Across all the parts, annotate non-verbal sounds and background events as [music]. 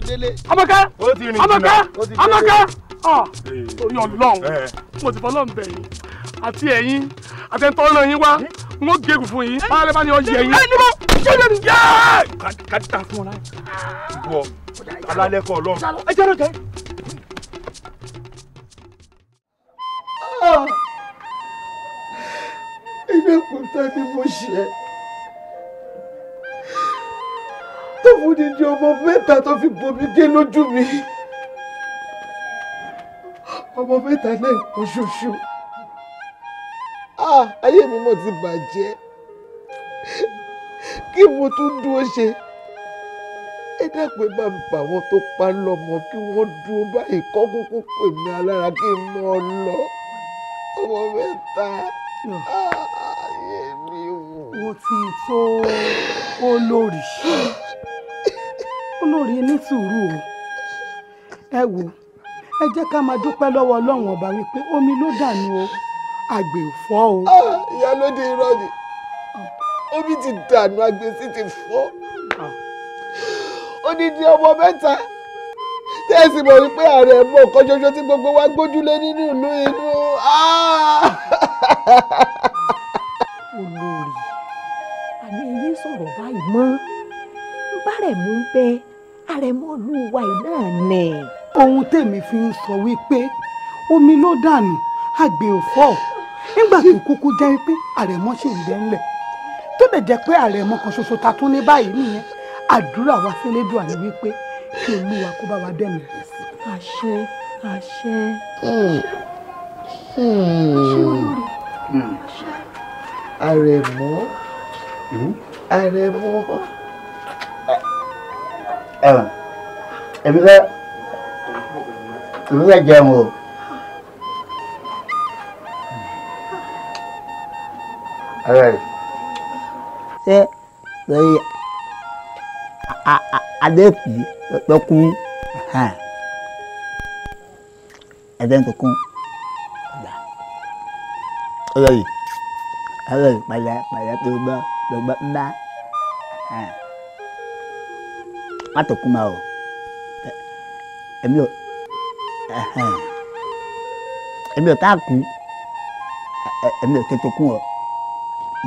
ti délé. ọmọkẹ́ ọmọkẹ́ ọmọkẹ́ torí ọlọ́run mo ti fọlọ́run bẹ̀ yín àti ẹ̀yin àtẹ̀ntọ́ náà yín wá hmm? n ó gégùn fún yín báyọ̀ bá ní ọ yẹ yín. ẹ níbo ṣé o yẹ kàdíta fún ọ láyé. bọ alálẹ kọ ọlọ́run. ẹ jẹ́ ló jẹ́. ìdẹ́kùn ah! tán ni mo ṣe. fún dídí ọmọ mẹ́ta tó fi bomi dé lójú mi ọmọ mẹ́ta náà oṣooṣù ah, ayé mi mo ti bàjẹ́ kí mo tún dúró ṣe ẹ dàpẹ́ bá ń bà wọ́n tó pa lọ́mọ kí wọ́n dúró báyìí kọ́ kúkú pè mí alára kí n mọ́ ọ lọ ọmọ mẹ́ta ah, ayé mi wò. mo ti tó olórí olórí ní sùúrù o ẹ wò ẹ jẹ́ ká máa dúpẹ́ lọ́wọ́ ọlọ́run ọba wípé omi ló dànù o àgbè ò fọ́ o. Ah, ìyálóde irọ́ ni omi ti dànù àgbè sì ti fọ́ ah. odidi ọmọ mẹ́ta tẹ́sí mọ̀ wípé ààrẹ mọ̀ ọ̀kan ṣoṣo tí gbogbo wa gbójúlé nínú ìlú inú. Ah. olórí àmì ẹyẹ sọ̀rọ̀ báyìí mọ́ bá rẹ̀ mú bẹ́ẹ̀ àrẹ̀mọ́lú wa náà nì. ohun tèmi fi ń sọ wípé omi ló dànù àgbè ò fọ́ nígbà tó kúkú jẹ́ pé àrẹ̀mọ́ ṣì ń bẹ́ńlẹ̀ tó bẹ̀ jẹ́ pé àrẹ̀mọ́ kan ṣoṣo ta tún ní báyìí nìyẹn àdúrà wa sílédùà ni wípé kí olúwa kó bá wa dẹ̀mí. àṣẹ àṣẹ. Hmm. Hmm. àrẹ̀mọ́ àrẹ̀mọ́. Hmm? em thế? à à à đẹp fẹ́ ebi fẹ́ ha, o. ṣé lórí adéèkì lọ́kùn ẹ̀dẹ́ tó kún ọlọ́yìn ọlọ́yìn padà padà tó bá tó bá ń bá mắt tục màu em được em được ta cũng em được cái tục cũng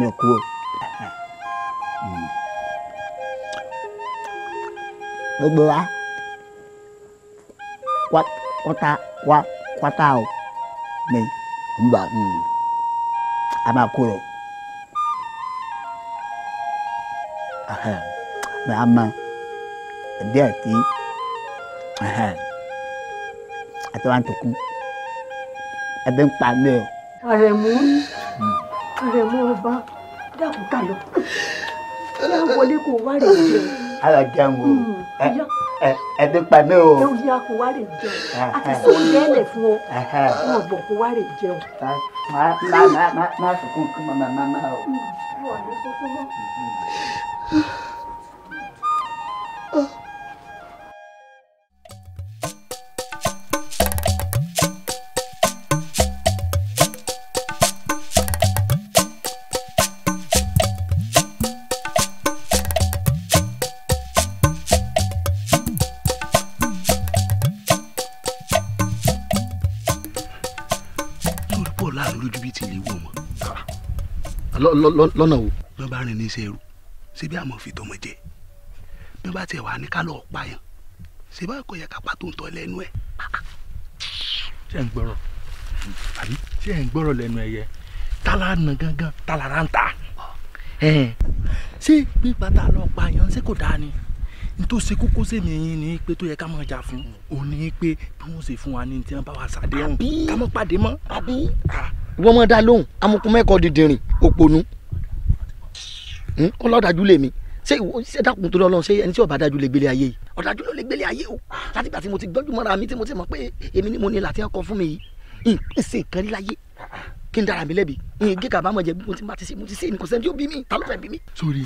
được cú được bữa á quá quá ta quá quá tao mình cũng bảo ừ à mà cô được à mẹ mà ăn mà Deati àti wa tó kú ẹbí ń pa mí o. Àrẹ̀mú hmm. Àrẹ̀mú ọba dákun ká lọ ọlá wọlé kò wá rè jẹ. ara jẹun o hmm, ẹbí ń pa mí o. ẹ wúyà kò wá rè jẹun àti sọ lẹ́lẹ̀ fún ọ fún ọ̀bọ̀n kò wá rè jẹun. má sùkún kí màmá má o. Hmm, lọ́nà o. wọ́n bá rìn ní iṣẹ́ ẹrú síbi àmọ́ fi tọmọ jẹ bí wọ́n bá tiẹ̀ wà ní kálọ̀ ọ̀páyàn síbi àkọ́ yẹ ká pàtó ń tọ́ lẹ́nu ẹ̀. ṣé ẹ̀ ń gbọ́rọ̀ àbí ṣé ẹ̀ ń gbọ́rọ̀ lẹ́nu ẹ̀yẹ tálá nà gángan tálá rántà ṣé pípa tá a lọ pààyàn ṣé kò dáa ni n tó ṣe kókó sèmi yín ni pé tó yẹ ká máa jà fún òun ni pé bí wọ́n ṣe fún wa ní tí wọ́n bá wa ṣàdéhùn ká mọ́ pàdé mọ́. wọ́n mọ̀ dá lóhùn amukun mẹ́kọ̀ọ́ dìndìnrín òpònú hm? ọlọ́dàjú lèmi ṣé ṣé dákun tó lọ́lọ́ ṣé ẹni tí ọba dájú lè gbélé ayé yìí ọ̀dájú ló lè gbélé ayé o láti gbà tí mo ti gbọ́jú mọ́ra mi tí mo ti mọ̀ pé èmi ni mo ní láti ọkọ̀ fún mi yìí ìpèsè nǹkan rí láyé kí n dára mi lẹ́bi ìyẹn gé kàbámọ̀ jẹ bí mo ti bá ti ṣe mo ti ṣe nǹkan sẹ́ni tí ó bí mi ta ló fẹ́ bí mi. sori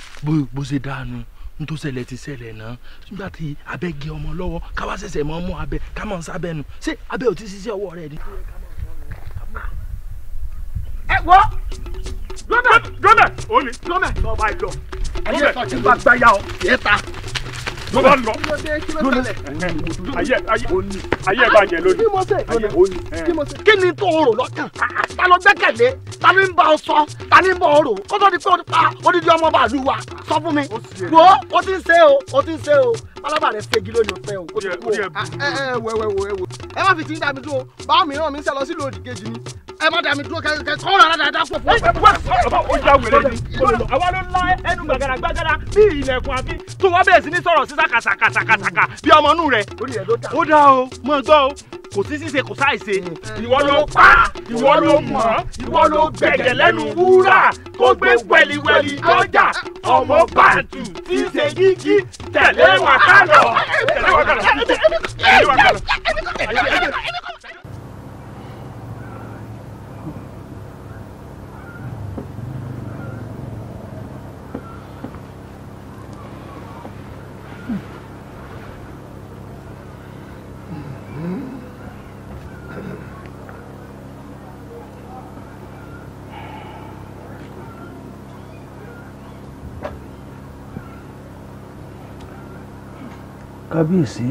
bó ṣe dáa nu nítorí ṣẹlẹ̀ ti ṣẹlẹ̀ náà nígbà tí abẹ́ gé ọmọ lọ́wọ́ káwá ṣẹ̀ṣẹ̀ mọ́ mú abẹ ká mọ̀ nu ṣé abẹ́ ò ti ṣiṣẹ́ ọwọ́ rẹ ni. ẹ wọ lọ́bẹ̀ lọ́bẹ̀ òní lọ́bẹ̀ lọ́ba ìlọ ẹ̀yẹ sọ gbàgbà yà ọ́ yẹ ta ló bá lọ ayé ayé bá yẹ lónìí ayé òní. kí ni tó o rò lọ́kàn ta ló gbẹ́kẹ̀lé ta bá ọ sọ ta ló bá ọ rò kó tó pé o ti pa odidi ọmọ bàálù wa sọ fún mi wo o ti ń ṣe o o ti ń ṣe o pálábà rẹ ṣẹ́gi lónìí ọ̀pẹ o kò tó kú o ah, ẹ ẹ wẹ wẹ wẹ wẹ. ẹ má fi ti ń dàmí dúró báwo mìíràn mi ń sẹ lọ sí lòdì kejì ni ẹ má dàmí dúró kẹ kọ́ ọ̀rọ̀ aládàá dá pọ̀ fún ọ. ó já wèrè ni àwa ló la ẹnu gbàgàdà gbàgàdà bí ilẹ̀kùn àbí tó wá bẹ̀rẹ̀ sí ní sọ̀rọ̀ sí sàkàsàkàsàkà bí ọmọ inú rẹ̀ ó dá o mọ̀ gbọ́ o kò sí ṣíṣe kò sáì ṣe mm. ìwọ ló pa ìwọ ló mọ̀ ìwọ ló gbẹ̀gẹ̀ lẹ́nu wúrà kó gbé wẹ̀lìwẹ̀lì lọ́jà ọmọ bàtù ṣíṣe yíyí tẹ̀lé wàhálà. ¡Te kábíyèsí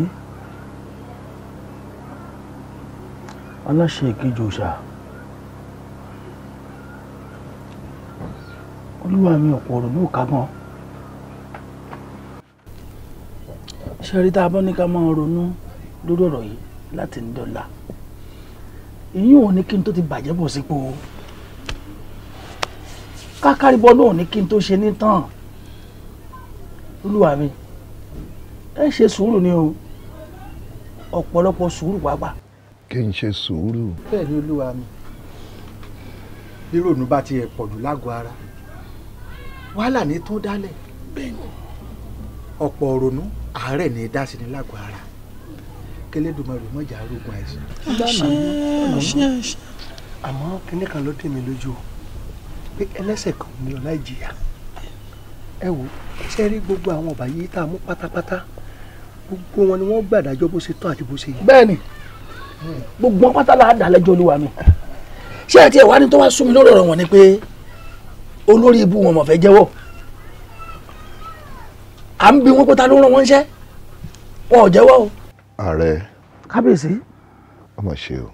aláṣẹ ìkejì òòṣà olúwa mi ọ̀pọ̀ ọ̀rọ̀ ló kágbọ́n ṣẹ́rí tá a bọ́ ní ká máa ronú lórí ọ̀rọ̀ yìí láti ní dọ́là ìyún òní kí n tó ti bàjẹ́ bọ̀ sípò kákàrí bọ́ náà ní kí n tó ṣe ní tán olúwa mi ẹ ṣe sùúrù ni o ọ̀pọ̀lọpọ̀ sùúrù pàápàá. kí n ṣe sùúrù. bẹ́ẹ̀ ni olúwa mi bí rònú bá tiẹ̀ pọ̀ jù lágọ̀ọ́ ara wàhálà ní tó dálẹ̀ bẹ́ẹ̀ni ọ̀pọ̀ òrònú àárẹ̀ ní dásí ní lágọ̀ọ́ ara kẹlẹ́dùmarè mọ́jà arógun àìsàn. àṣẹ àṣẹ àṣẹ. àmọ́ kinní kan ló dé mi lójú o pé ẹlẹ́sẹ̀ kan ni ọ̀la ìjìyà ẹ wo ṣe rí gbogbo àwọn ọ̀bà yìí tá a mú pátápátá gbogbo wọn ni wọ́n gbàdájọ́ bó ṣe tán àti bó ṣe yẹ. bẹ́ẹ̀ni gbogbo pátá la dà lẹ́jọ́ olúwa mi ṣé àti ẹ̀wá ni tó wá sún mi lórí ọ̀rọ̀ wọn ni pé olórí ibú wọn mọ̀ fẹ́ jẹ́wọ́ à ń bi wọn pé ta ló rán wọn ṣẹ́ wọn ò jẹ́wọ́ ààrẹ kábíyèsí. ọmọ ṣe o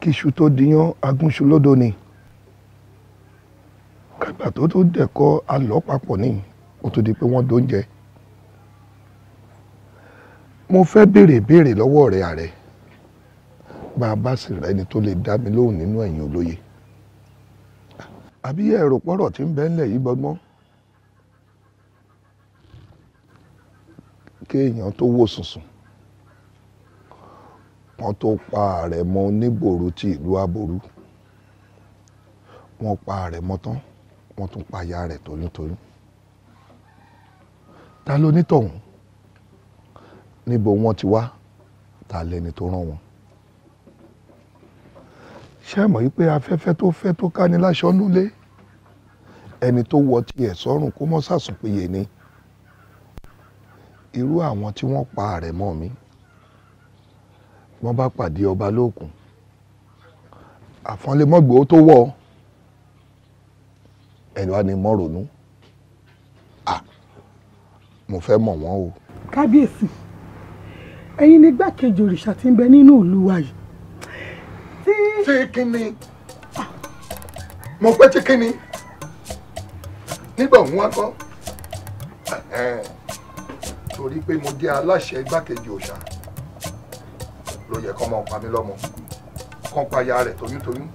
kíṣu tó diyán agúnṣu lódò ni kàgbà tó tó dẹ̀kọ́ alọ́ papọ̀ ní kó tó di pé wọ́n dóúnjẹ. mo fẹ́ béèrè béèrè lọ́wọ́ rẹ̀ ààrẹ bá a bá sì rẹ ni tó lè dá mi lóhùn nínú ẹ̀yin olóye. àbí ẹ̀rọ pọ̀rọ̀ tí ń bẹ ńlẹ̀ yìí gbọ́gbọ́n. kéèyàn tó wò sùnsùn wọ́n tó pa ààrẹ mọ́ onígbòro ti ìlú aboru wọ́n pa ààrẹ mọ́ tán wọ́n tún pa ìyá rẹ̀ toyúntoyún ta ló nítọ̀hún níbo wọ́n ti wá ta lẹni tó rán wọn ṣé ẹ mọ̀ yí pé afẹ́fẹ́ tó fẹ́ tó ká ní láṣọ núlé ẹni tó wọ tiẹ̀ sọ́rùn kó mọ́ sàsùnpìyè ni irú àwọn tí wọ́n pa rẹ̀ mọ́ mi wọ́n bá pàdé ọba lóòkùn àfọ́nlẹ́mọ́gbòó tó wọ̀ ọ́ ẹni wá ní mọ́ ronú à mo fẹ́ mọ̀ wọ́n o. kábíyèsí ẹ̀yin ni igbákejì òrìṣà tí ń bẹ nínú ìlú wa yìí. tí ṣé kí ni mo pẹ́ tí kí ni nígbà òun wá kọ́ torí pé mo jẹ́ aláṣẹ igbákejì òòṣà ló yẹ kọ́ mọ́ pa mí lọ́mọ kọ́ pa ya rẹ̀ toyúntoyún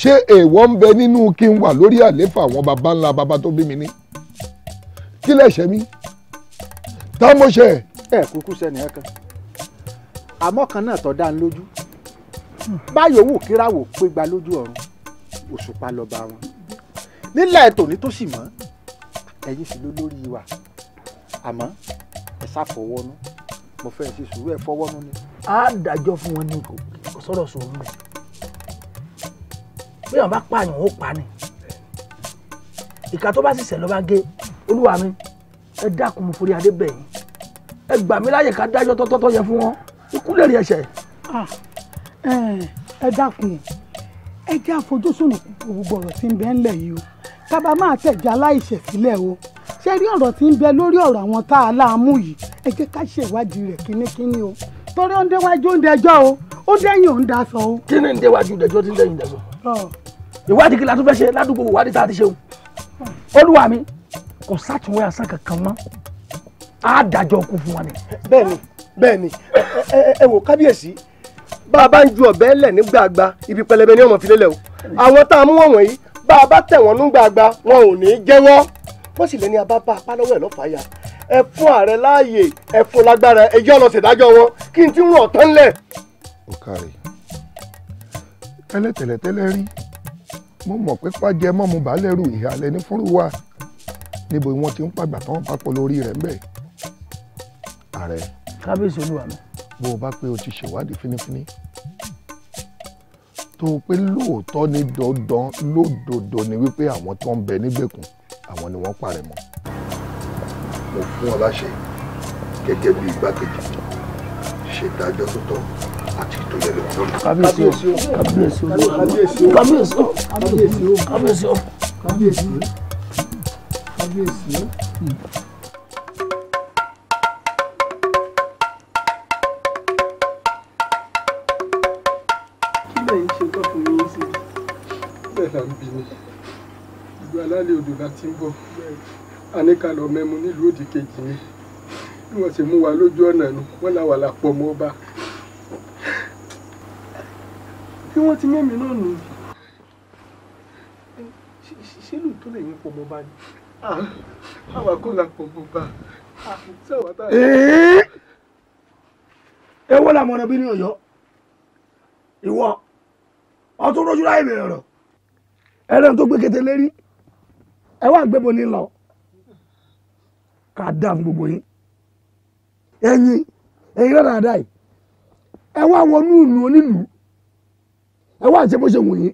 ṣé èèwọ̀ ń bẹ nínú kí n wà lórí àléfà àwọn baba ńlá baba tó bí mi ní kí lẹ̀ṣẹ̀ mi tá mo ṣe. ẹ kúkú sẹni ẹ kan àmọ́ kan náà tó dá ń lójú báyọ̀ wò kíráwò pé gba lójú ọ̀run òṣùpá lọ́ba wọn nílẹ̀ tòní tó sì mọ́ ẹ̀yin sì ló lórí wa àmọ́ ẹ ṣàfọwọ́nú mo fẹ́ ṣe sùúrù ẹ̀ fọwọ́nú ni. a dájọ́ fún wọn ní kò sọ̀rọ̀ sọ̀rọ̀ mẹ́rin bí wọn bá pààyàn ó pa ni ìka tó bá sì ṣẹ̀ ló bá gé olúwa mi ẹ dákun mo forí adé bẹ̀ yín ẹ gbà mí láyè ká dájọ́ tọ́tọ́tọ́ yẹ fún wọn ikú lè rí ẹ̀ṣẹ̀. ẹ dákun ẹ jẹ́ àfojúsùn gbogbo ọ̀rọ̀ tí ń bẹ ńlẹ̀ yìí o tábà máa tẹ̀jà aláìṣẹ̀ sílẹ̀ o ṣé rí ọ̀rọ̀ tí ń bẹ lórí ọ̀rọ̀ àwọn tá a láàmú yìí ẹ jẹ́ ká ṣèwádìí rẹ̀ kínníkínní o torí ó ń déwájú ń dẹjọ́ o ó dẹ́yìn ó ń daṣọ o. kí ni ń déwájú dẹjọ́ tí ń dẹ́yìn daṣọ ìwádìí kí la tún fẹ́ ṣe ládùúgbò ìwádìí tá a ti ṣe o olúwa mi kò sátúnwé asán kankan mọ́ á dájọ́ kú fún wa ni. bẹ́ẹ̀ni bẹ́ẹ̀ni ẹ wò kábíyèsí bá a bá ń ju ọ̀bẹ lẹ̀ ní gbàgbà ibi pẹlẹbẹ ni ọmọ fi lélẹ̀ o àwọn tá a mú wọn wọ̀nyí bá a bá tẹ̀ wọ́n ní gbàgbà wọn ò ní jẹ́wọ́ wọ́n sì lé ní abá bá apá lọ́wọ́ ẹ̀ lọ́fàá ya ẹ fún ààrẹ láàyè ẹ fún lágbára ẹ yọ lọ ṣèdájọ́ wọn kí n ti rún ọ̀tán lẹ̀. ó kàrí tẹ́lẹ̀tẹ́lẹ̀ rí mo mọ̀ pé pàjẹ́ mọ́mu bàálẹ̀rù ìhàlẹ̀ ní fúnrú wa níbo wọn ti ń pàgbà tán papọ̀ lórí rẹ̀ ńbẹ̀. ààrẹ kábíyèsí olúwa mi. bó o bá pé o ti ṣèwádìí fínífíní tó o pé lóòótọ́ ní dandan lódodo ni wípé àwọn tó ń bẹ nígbèkùn àwọn ni wọ́n parẹ́ mọ́ mo fún ọ láṣẹ gẹ́gẹ́ bí igbákejì ṣèdájọ́ tó tọ́ kábíyèsí o kábíyèsí o kábíyèsí o kábíyèsí o kábíyèsí o kábíyèsí o kábíyèsí o. ìlú alálẹ̀ odò la ti ń bọ̀ àníkàlọ́ mẹ́mu nílùú òdìkejì ni bí wọ́n ṣe mú wa lójú ọ̀nà nu wọ́n làwà la pọ̀ mọ́ ọba bí wọ́n ti mímì náà nù. ṣé lóòótọ́ lẹ́yìn pọ̀ mọ́ bá ní. àwa kò là pọ̀ mọ́ bá sáwà tá a. ewo la mọ̀nà bí ní ọ̀yọ́ ìwọ ọtún rojú láì bẹ̀rẹ̀ ọ̀rọ̀ ẹlẹ́ni tó gbé kété lérí ẹ wá ń gbébo ní lọ ká dá fún gbogbo yín ẹ̀yin ẹ̀yin rẹ̀ dáadáa yìí ẹ wá wọnú ìlú onílùú ẹ wá ṣe bó ṣe wù yín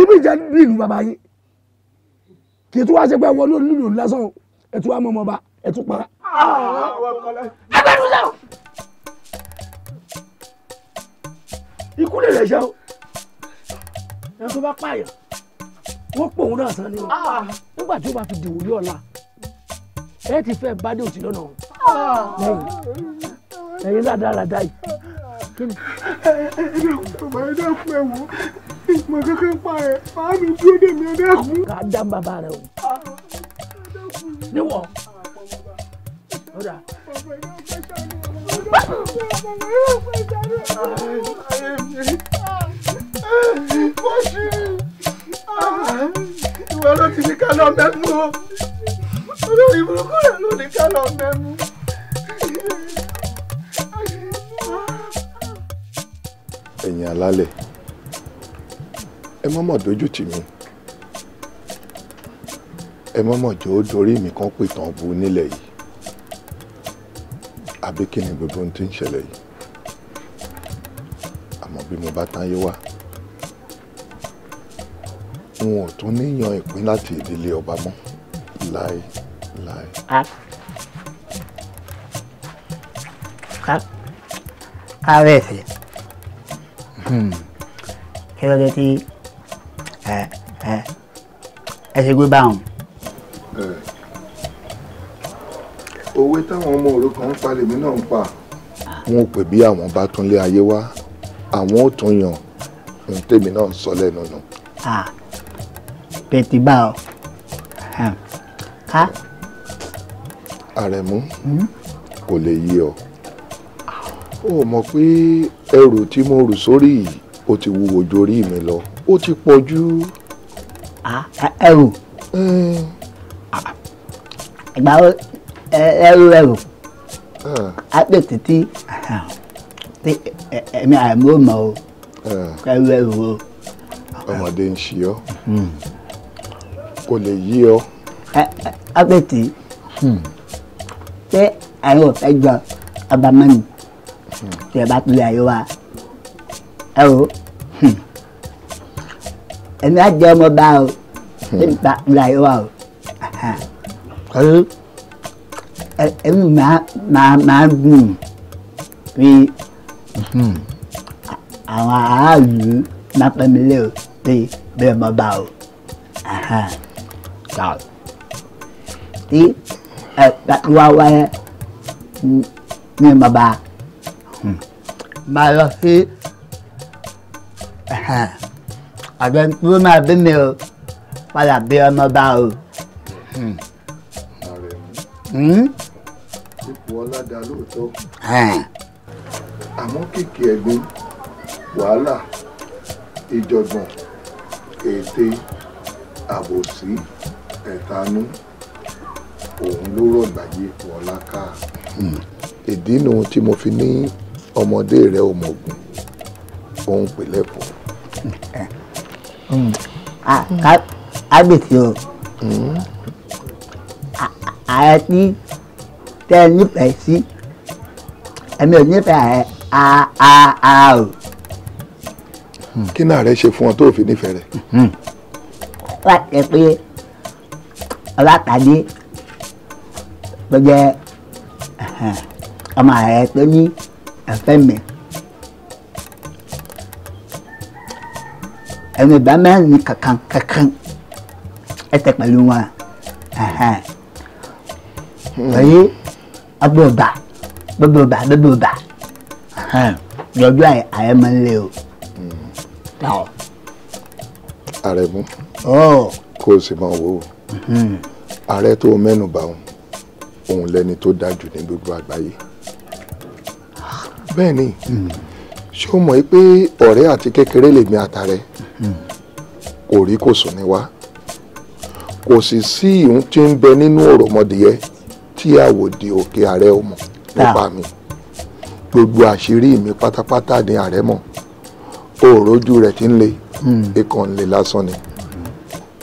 ibi ìjà bí ìlú bàbá yín kì í tún wá ṣe pé wọnú olúlù lásán ẹ tún wá mọ ọmọba ẹ tún para. agbẹnusẹ o ikú lè lè o ẹ tó bá pààyàn wọn pò òun náà sàn ni o nígbà tí ó bá fi dìwò ní ọ̀la ẹ ti fẹ́ bá dé òtí lọ́nà o lẹ́yìn ẹ̀yin ládàá ládàá yìí bàbá ẹ dákun ẹ wò ìmọ̀ kankan pa ẹ̀ máa mi dúró dè mí ẹ dákun. ká dá bàbá rẹ o níwọ ọ̀dà. mo ṣì ìwọ ló ti ní ká lọ mẹ́mú o olórí burúkú rẹ ló ní ká lọ mẹ́mú. lálẹ́ ẹ mọ́mọ́ dojú tì mí ẹ mọ́mọ́ jọ ó dorí mi kan pè tán bu nílẹ̀ yìí àbí kí ni gbogbo ohun tí ń ṣẹlẹ̀ yìí àmọ́ bí mo bá táyé wá n ò tún níyan ìpín láti ìdílé ọba mọ́ láé láé. kábíyèsí kí ló dé tí ẹ ẹ ẹ ṣe gbé báwọn. òwe táwọn ọmọ òrukàn ń pa lèmi náà ń pa. wọn ò pè bí àwọn bá tún lé ayé wá àwọn ò tún yàn ohun tèmi náà ń sọ lẹ́nu nù. pẹ̀tì bá ọ ká. àrẹ̀mú hmm? kò lè yí ọ ó mọ̀ pé ẹrù tí mo rù sórí yìí ó ti wúwo jórí mi lọ ó ti pọ̀ jù. ẹrù ìgbà wo ẹrù ẹrù àpètè tí ẹ̀mí àìmú mọ̀ o ẹrù ẹrù o. ọmọdé ń ṣe ọ hmm. kò lè yí ọ. àpètè ṣé àwọn ò fẹ́ gbọ́ abamẹ́nu tẹ bá tulẹ̀ ayé wa ẹ o hmm. ẹ̀mí á jẹ́ ọmọ bá o hmm. ẹ̀mí bá tulẹ̀ ayé wa o ẹ̀mí máa máa máa dùn bí hmm. àwọn aráàlú máa pẹ́ mi lé o bí bí ọmọ bá o tí ẹ̀ bá tulẹ̀ wáyé ní ọmọ bá o máa lọ sí àjọ tó máa bí mi o padà bí ọmọ bá o. ipò ọládà lóòótọ́ àmọ́ kìkì ẹ̀gbin wàhálà ìjọ̀gbọ̀n ète àbòsí ẹ̀tanú òun ló rọ̀ gbàyè ipò ọlá ká. Hmm. ìdí nu tí mo fi ní ọmọdé rẹ ò mọ̀gùn òun pèlẹ́ pọ̀. kábíyèsí o hmm? ààrẹ tí tẹ ẹ nífẹ̀ẹ́ sí ẹ̀mí ò nífẹ̀ẹ́ ara o. Hmm, kí náà rẹ ṣe fún ọ tó fi nífẹ̀ẹ́ rẹ. láti hmm. ẹ pé ọlátàdé tó jẹ́ ọmọ ààrẹ tó ní. Fẹ́mi ẹnu ìgbà mẹ́rin kankan kankan ẹ tẹ pẹ̀lú wọn pẹ̀lú agbóòbá gbóòbá gbóòbá lọ́jọ́ ààrẹ máa ń lé o. ààrẹ mú kó o sì máa wò ó ààrẹ tó mẹ́nu bá òun òun lẹ́ni tó dájú ní gbogbo àgbáyé bẹ́ẹ̀ ni hmm. ṣé o mọ̀ pé ọ̀rẹ́ àti kékeré lèmi àtàrẹ hmm. kò rí kò sùn ní wa kò sì sí ìhun tí ń bẹ nínú ọ̀rọ̀mọdìyẹ tí àwòdì òkè ààrẹ ò nípa mi gbogbo àṣírí mi pátápátá ni ààrẹ mọ̀ òòrójú rẹ̀ ti ń le hmm. ikàn ń le lásán ni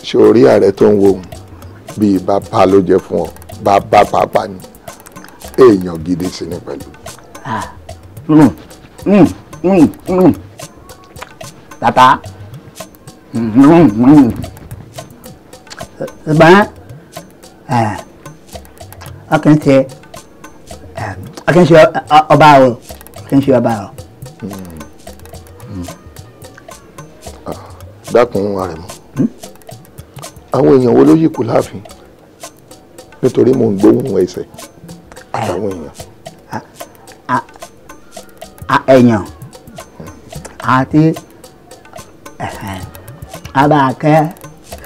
ṣòrí ààrẹ tó ń wo bíi bàbá ló jẹ́ fún ọ bàbá pàápàá ni èèyàn gidi sí ni pẹ̀lú. Ah. Mm, mm, mm, tata ṣùgbọ́n ọkàn ṣe ọkàn ṣe ọba o ọkàn ṣe ọba o. dákun àrẹ̀mọ hmm? àwọn èèyàn wo ló yìí kú láàfin nítorí mò ń gbóhùn ẹsẹ̀ àtàwọn èèyàn ẹ̀yàn àti abàkẹ́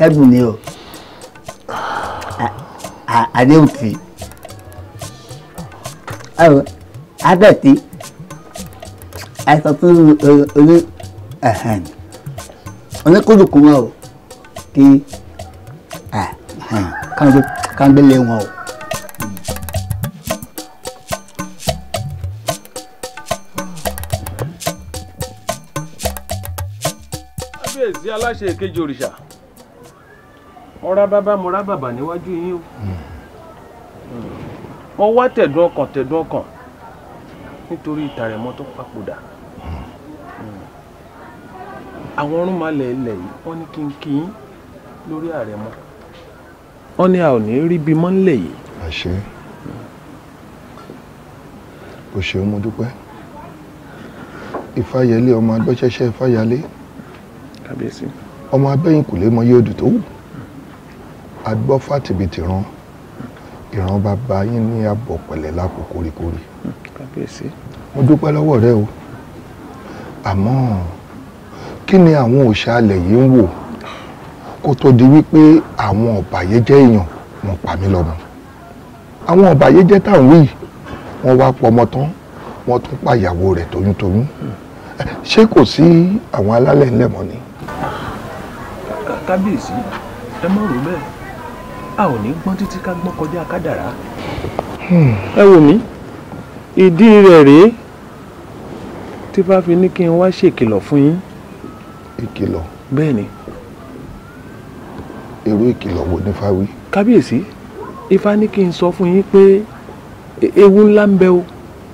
ẹ̀bùn ni o àdéhùn tì abẹ́tì àìsàn tó ní oníkúlùkù wọn o kí kángbélé wọn o. ṣe èkejì òrìṣà ọ̀rá bàbá mo rá bàbá níwájú yín o hmm. wọ́n wá tẹ̀dùn ọkàn tẹ̀dùn ọkàn nítorí ìtàrẹ̀mọ́ tó papòdà hmm. àwọn ọ̀rúnmalẹ̀ ilẹ̀ yìí wọ́n ní kí n kí yín lórí àrẹ̀mọ́ wọ́n ní a ò ní rí bímọ ńlẹ̀ yìí. àṣẹ kò ṣeun mo dúpẹ́ ìfàyẹlé ọmọ agbẹ́sẹ́sẹ́ ìfàyẹlé. kábíyèsí ọmọ abẹ́yìn kò lè mọ iye odù tó wù agbọ́ fàtìbìtì ran ìran bàbá yín ní abọ̀ pẹ̀lẹ́ lápò kórikórì mo dúpẹ́ lọ́wọ́ rẹ o àmọ́ kí ni àwọn òòṣà alẹ̀ yìí ń wò kó tó di wípé àwọn ọ̀bàyéjẹ́ èèyàn wọ́n pa mí lọ́mọ àwọn ọ̀bàyéjẹ́ táwọn wí wọ́n wá pọmọ tán wọ́n tún pàyàwó rẹ̀ toyúntoyún ṣé kò sí àwọn alálẹ̀ ńlẹ̀ mọ́ ni kábíyèsí ẹ má rò bẹ́ẹ̀ a ò ní gbọ́n títí ká gbọ́n kọjá kádàrá. Hmm. ẹ wò mí ìdí rẹ̀ rèé tí bá fi ní kí n wá ṣèkìlọ̀ fún yín. ìkìlọ̀. bẹ́ẹ̀ ni. irú ìkìlọ̀ wo ni fáwí. kábíyèsí ifá ní kí n sọ fún yín pé e, ewu ńlá ń bẹ o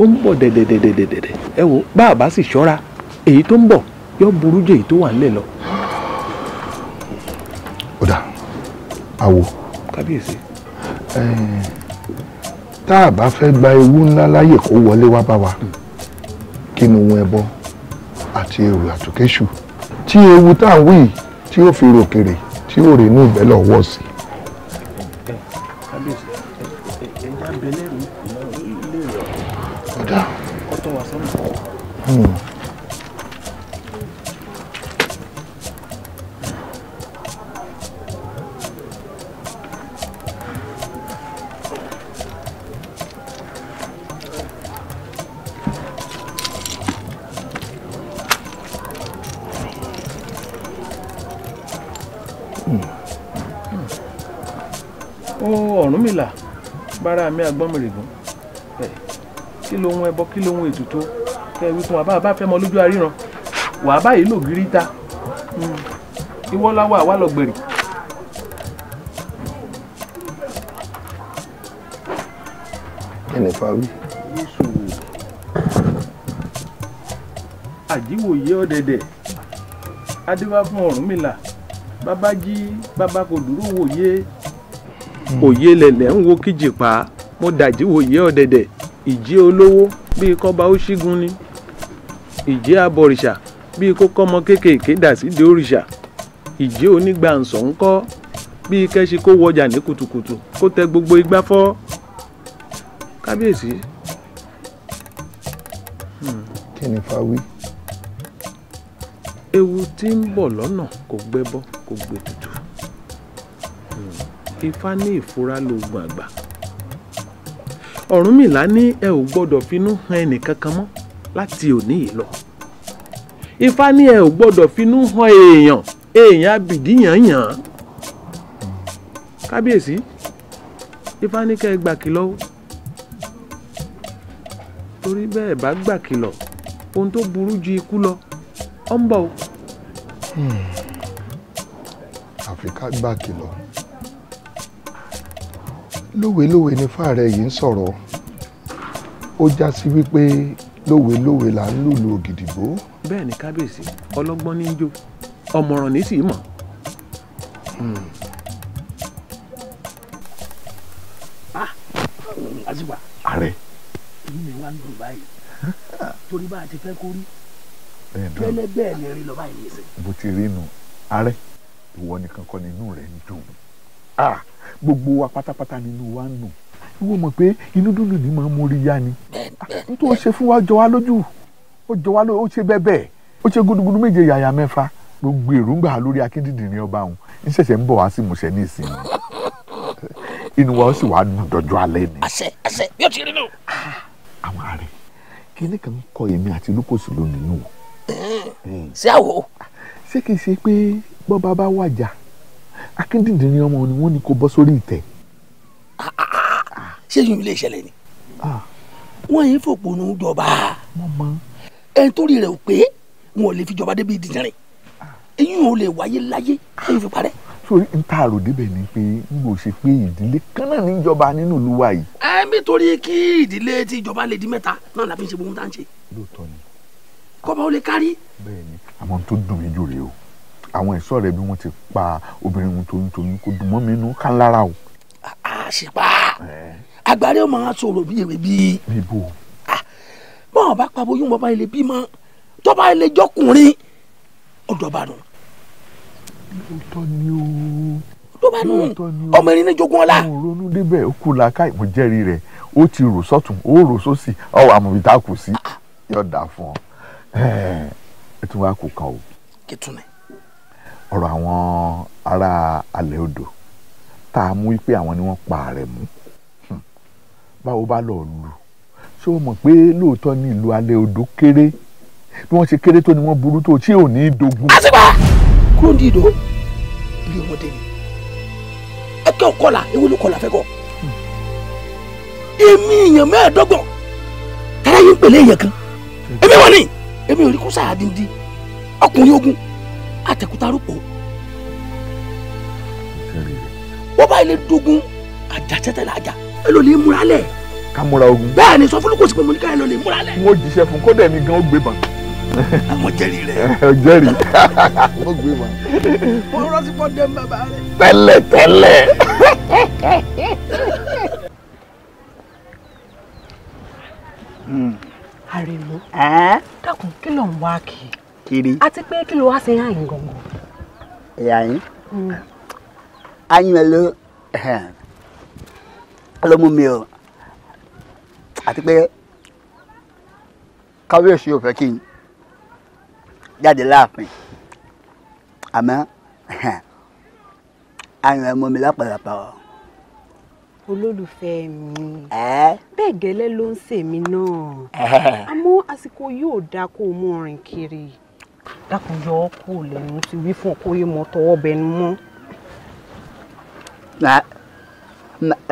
ó ń bọ̀ dẹ̀dẹ̀dẹ̀dẹ̀dẹ̀ ẹ wò bá a bá sì ṣọ́ra èyí tó ń bọ̀ yóò burú jù èyí tó wà ńlẹ̀ lọ. àwò. kábíyèsí. tá a bá fẹ́ gba ewu ńlá láyè kó wọlé wá bá wa kí ni ohun ẹbọ àti èrò àtòkéṣù tí ewu tá à ń wí tí ó fi ròkèrè tí ó rè ní ìbẹ́lẹ̀ ọwọ́ sí i. àwọn ètùtù kẹ́ wí fún wa bá a bá fẹ́ mọ lójú aríran wà á báyìí lò gírí ta hmm. ìwọ láwà wà lọ gbèrè. ẹnì fa wí. àjíwòye ọ̀dẹ̀dẹ̀ adéwà fún Ọ̀rúnmìlà bàbá jí bàbá kò dúró wòye. Hmm. òye lẹ̀lẹ̀ ń wo kíjì pa mo dàjí wòye ọ̀dẹ̀dẹ̀ ìjí olówó bíi kọ́ba ó ṣígun ni ìjẹ́ abọ̀rìṣà bíi kókọ́ ọmọ kéékèèké dà sí di òrìṣà ìjẹ́ onígbàǹsọ̀ ń kọ́ bíi kẹ́sí kó wọjà ní kùtùkùtù kó tẹ gbogbo igbá fọ́ kábíyèsí. Hmm. kí ni fa wí. ewu tí ń bọ̀ lọ́nà kò gbẹ́bọ́ kò gbẹ́tùtù hmm. ifá ní ìfura lóògùn àgbà ọ̀rúnmìlà ní ẹ ò gbọ́dọ̀ finú han ẹnìkankan mọ́ láti òní yìí lọ ifá ní ẹ ò gbọ́dọ̀ finú han èèyàn èèyàn abìdíyànyàn kábíyèsí ifá ní kẹ́ ẹ gbà kìlọ̀ o torí bẹ́ẹ̀ bá gbà kìlọ̀ ohun tó burú ju ikú lọ ọ ń bọ̀ o. Hmm. àfi ká gbà kìlọ̀ lówelówe ni fáàrẹ yìí ń sọ̀rọ̀ ó já sí wípé lówelówe là ń lùlù ògìdìgbò. bẹ́ẹ̀ ni kábíyèsí ọlọ́gbọ́n ní í jó ọ̀mọ̀ràn ní sì mọ̀. Hmm. Ah, ààrẹ. inú mi wá ń dùn báyìí torí bá a ti fẹ́ kó rí bẹ́ẹ̀ bẹ́ẹ̀ ni rí lọ báyìí nìyẹn. bó ti rí nu ààrẹ ìwọ nìkan kọ́ ni inú rẹ̀ ń dùn. Ah, gbogbo wa pátápátá nínú wa ń nù ìwọ mọ̀ pé inú dúdú ni máa ń mórí yá ni nítorí ó ṣe fún wa jọ wá lójú ó jọ wá lójú ó ṣe bẹ́ẹ̀ bẹ́ẹ̀ ó ṣe gúdúgúdú méje yàyà mẹ́fà gbogbo èròǹgbà lórí akíndìndìrín ọba òun ń ṣẹ̀ṣẹ̀ ń bọ̀ wá sí ìmúṣẹ ní ìsinmi inú wa ó sì wá dùn dọjọ́ alẹ́ ni. àṣẹ àṣẹ yóò ti rí nù. àwọn ààrẹ kíní kan kọ èmi àti lukosi lónìí nù. ṣé àwò. ṣé kìí ṣe pé bọ́ba akíndìndín ni ọmọ ni wọ́n ní kó bọ́ sórí ìtẹ́. ṣé yìí lè ṣẹlẹ̀ ni ah. wọ́n yìí fòpònú jọba ẹni tó rí rẹ̀ o pé wọn ò lè fi jọba débi ìdíjẹrin ah. eyín ò lè wáyé láyé eyín fi parẹ́. sórí n ta àrò débẹ̀ ni pé n kò ṣe pé ìdílé kan náà níjọba nínú ìlú wa yìí. ẹ nítorí kí ìdílé tí ìjọba lè di mẹ́ta náà la fi ń ṣe gbogbo tá à ń ṣe. lóòótọ́ ni. kọ́ba ó lè kárí. bẹ́ẹ̀ ni àmọ́ n tó dùn mí jù rèé o àwọn ẹ̀ṣọ́ rẹ̀ bí wọ́n ti pa obìnrin wọn toyúntoyún kò dùn mọ́ mi inú ká lára o. àṣìpá agbárí ó máa sọ̀rọ̀ bí èrè bí. mi bò. bọ́n ọba pa boyún bọ́ba ilé bímọ tọ́ba ilé jọkùnrin ọ̀dọ̀ bá nù. lóòótọ́ ni o. ló bá nù ọmọ erin ní jogún ọlá. mo ronú débẹ̀ ó kú làákà mo jẹ́rìí rẹ̀ ó ti rò sọ́tún ó rò sósì ọwọ́ àmọ̀bí tá a kù sí yọ̀ọ̀dà fún ọ ẹ tún wá kú kan o. kìtùnú ọ̀rọ̀ àwọn ará alẹ́ odò tá a mú wípé àwọn ni wọ́n pa ààrẹ mú hmm. báwo bá lọ lù ṣé o mọ̀ pé lóòótọ́ ní ìlú alẹ́ odò kéré bí wọ́n ṣe kéré tó ni wọ́n burú tó tí ò ní í dogun. àṣìbà kúrò ní ìdó ilé ọmọdé ni ẹ kẹ́ ò kọlà ewu ló kọlà fẹ́ kọ́ èmi èèyàn mẹ́ẹ̀ẹ́dọ́gbọ̀n tẹ́lẹ̀ yín pèlè èèyàn kan èmi wọ̀ ni èmi ò rí kó sáà dín dín ọkùnrin ogun àtẹ̀kúta rúpò. wọ́n bá ilé dogun àjàtẹ́tẹ́lẹ̀ àjà ẹ lò lè múra lẹ̀. ká múra ogun. bẹ́ẹ̀ ni sọ fún lukosi pé mo ní ká ẹ lò lè múra lẹ̀. mo jíṣẹ́ fún kódà èmi gan ó gbé bàn. àwọn jẹ́rìí rẹ̀. [laughs] jẹ́rìí ó [laughs] gbé bàn. mo rántí pọ́ dẹ́m bàbá rẹ̀. tẹ́lẹ̀ tẹ́lẹ̀. [laughs] Hmm. àrèmọ dákun kí ló ń wá kì í kiri. àti pé kí ló wá sí àyìn gangan. àyìn àyìn ẹ ló ló mú mi o àti pé kábíyèsí ò fẹ́ kí n jáde láàfin àmọ́ àyìn ẹ mú mi lápàlàpà o olólùfẹ́ mi. bẹ́ẹ̀ gẹ́lẹ́ ló ń ṣèmi náà. àmọ́ àsìkò yóò dáa kó o mú ọrìn kiri dákun yọ ọ́ kúrò lẹ́nu ti wí fún ọkọ yìí mọ́ tọwọ́ bẹnu mọ́.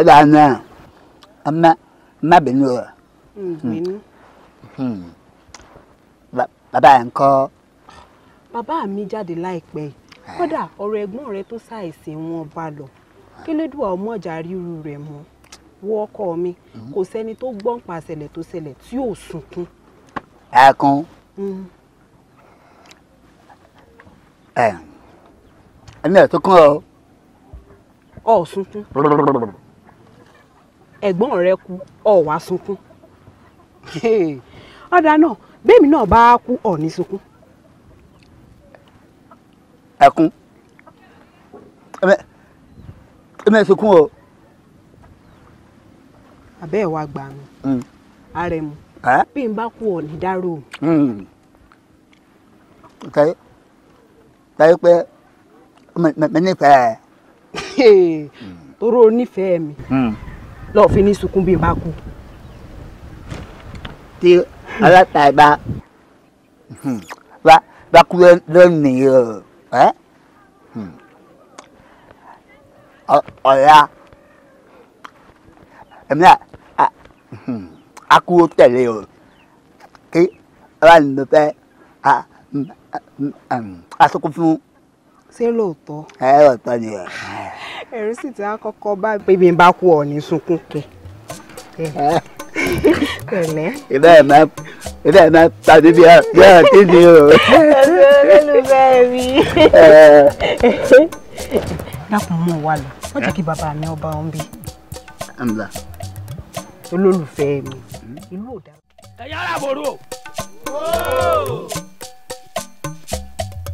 lánàá ọmọ má bínú o. Hmm, hmm. Hmm. bàbá ẹ̀ ń kọ́. bàbá mi jáde láìpẹ́ eh. kódà ọ̀rọ̀ ẹ̀gbọ́n rẹ tó ṣàìsí wọn bá lọ kí lẹ́dùá ọmọ ọjà ríru rẹ̀ mọ́ wọ́ ọkọ mi kò sẹ́ni tó gbọ́n pa ṣẹlẹ̀ tó ṣẹlẹ̀ tí ò sunkún. ẹkún. ẹ ẹmí ẹ tó ọ. ọ sunkún ẹ̀gbọ́n rẹ kú ọ wá sunkún ọ̀dà náà bẹ́ẹ̀mi náà bá kú ọ ní sunkún. ẹkún ẹmẹ sunkún o. àbẹ́ ẹ̀ wá gbà mí hmm. ààrẹ bí n bá kú ọ ní dárò. Hmm. tàbí pé mo nífẹ̀ẹ́. [laughs] toró onífẹ̀ẹ́ mi hmm. lọ́ọ́ fi ní sunkún bíi bá kú. tí ọlọ́pàá hmm, bá bá kú lónìí hmm. ọ̀la èmi náà a kú tẹ̀lé o kí ọlọ́run ló fẹ́ àsìkò fún. ṣé lóòótọ́. ẹ ọ̀tọ́ ni ẹ. ẹ̀rù sì ti á kọ́kọ́ bá pé mi bá kú ọ̀ọ́nì sunkún kẹ. pẹ̀lẹ́. ìdá ẹ̀ máa ìdá ẹ̀ máa tàbí bí yára tí ni o. ẹ̀rù olólùfẹ́ mi. dákun mú wa lọ wọ́n jẹ́ kí bàbá mi ọba ọ̀hún bí. olólùfẹ́ mi ìlú hmm? ò dára. ẹ̀yà ara bòrò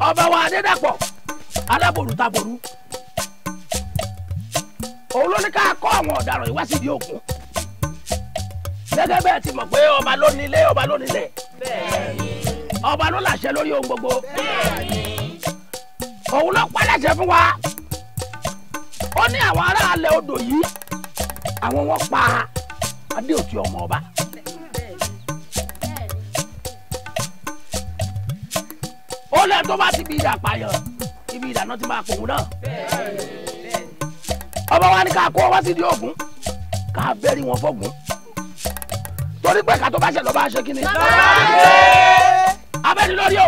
ọba wa adédàpọ̀ alábòrútabòrú òun ló ní ká kọ́ àwọn ọ̀daràn yìí wá síbi òkun gẹ́gẹ́ bẹ́ẹ̀ ti mọ̀ pé ọba ló nílé ọba ló nílé ọba ló làṣẹ lórí ohun gbogbo òun ló pàdàṣẹ fún wa ó ní àwọn aráàlẹ̀ odò yìí àwọn wọn pa adéòtí ọmọ ọba ó lẹ tó bá síbi ìdà pààyàn ibi ìdà náà ti máa pòun náà ọba wa ní ká kó wá sídìí ògún ká bẹ́rí wọn fọ́gùn torí pé ká tó bá ṣe lọ́ba ṣe kí ni. abẹ́ni lórí o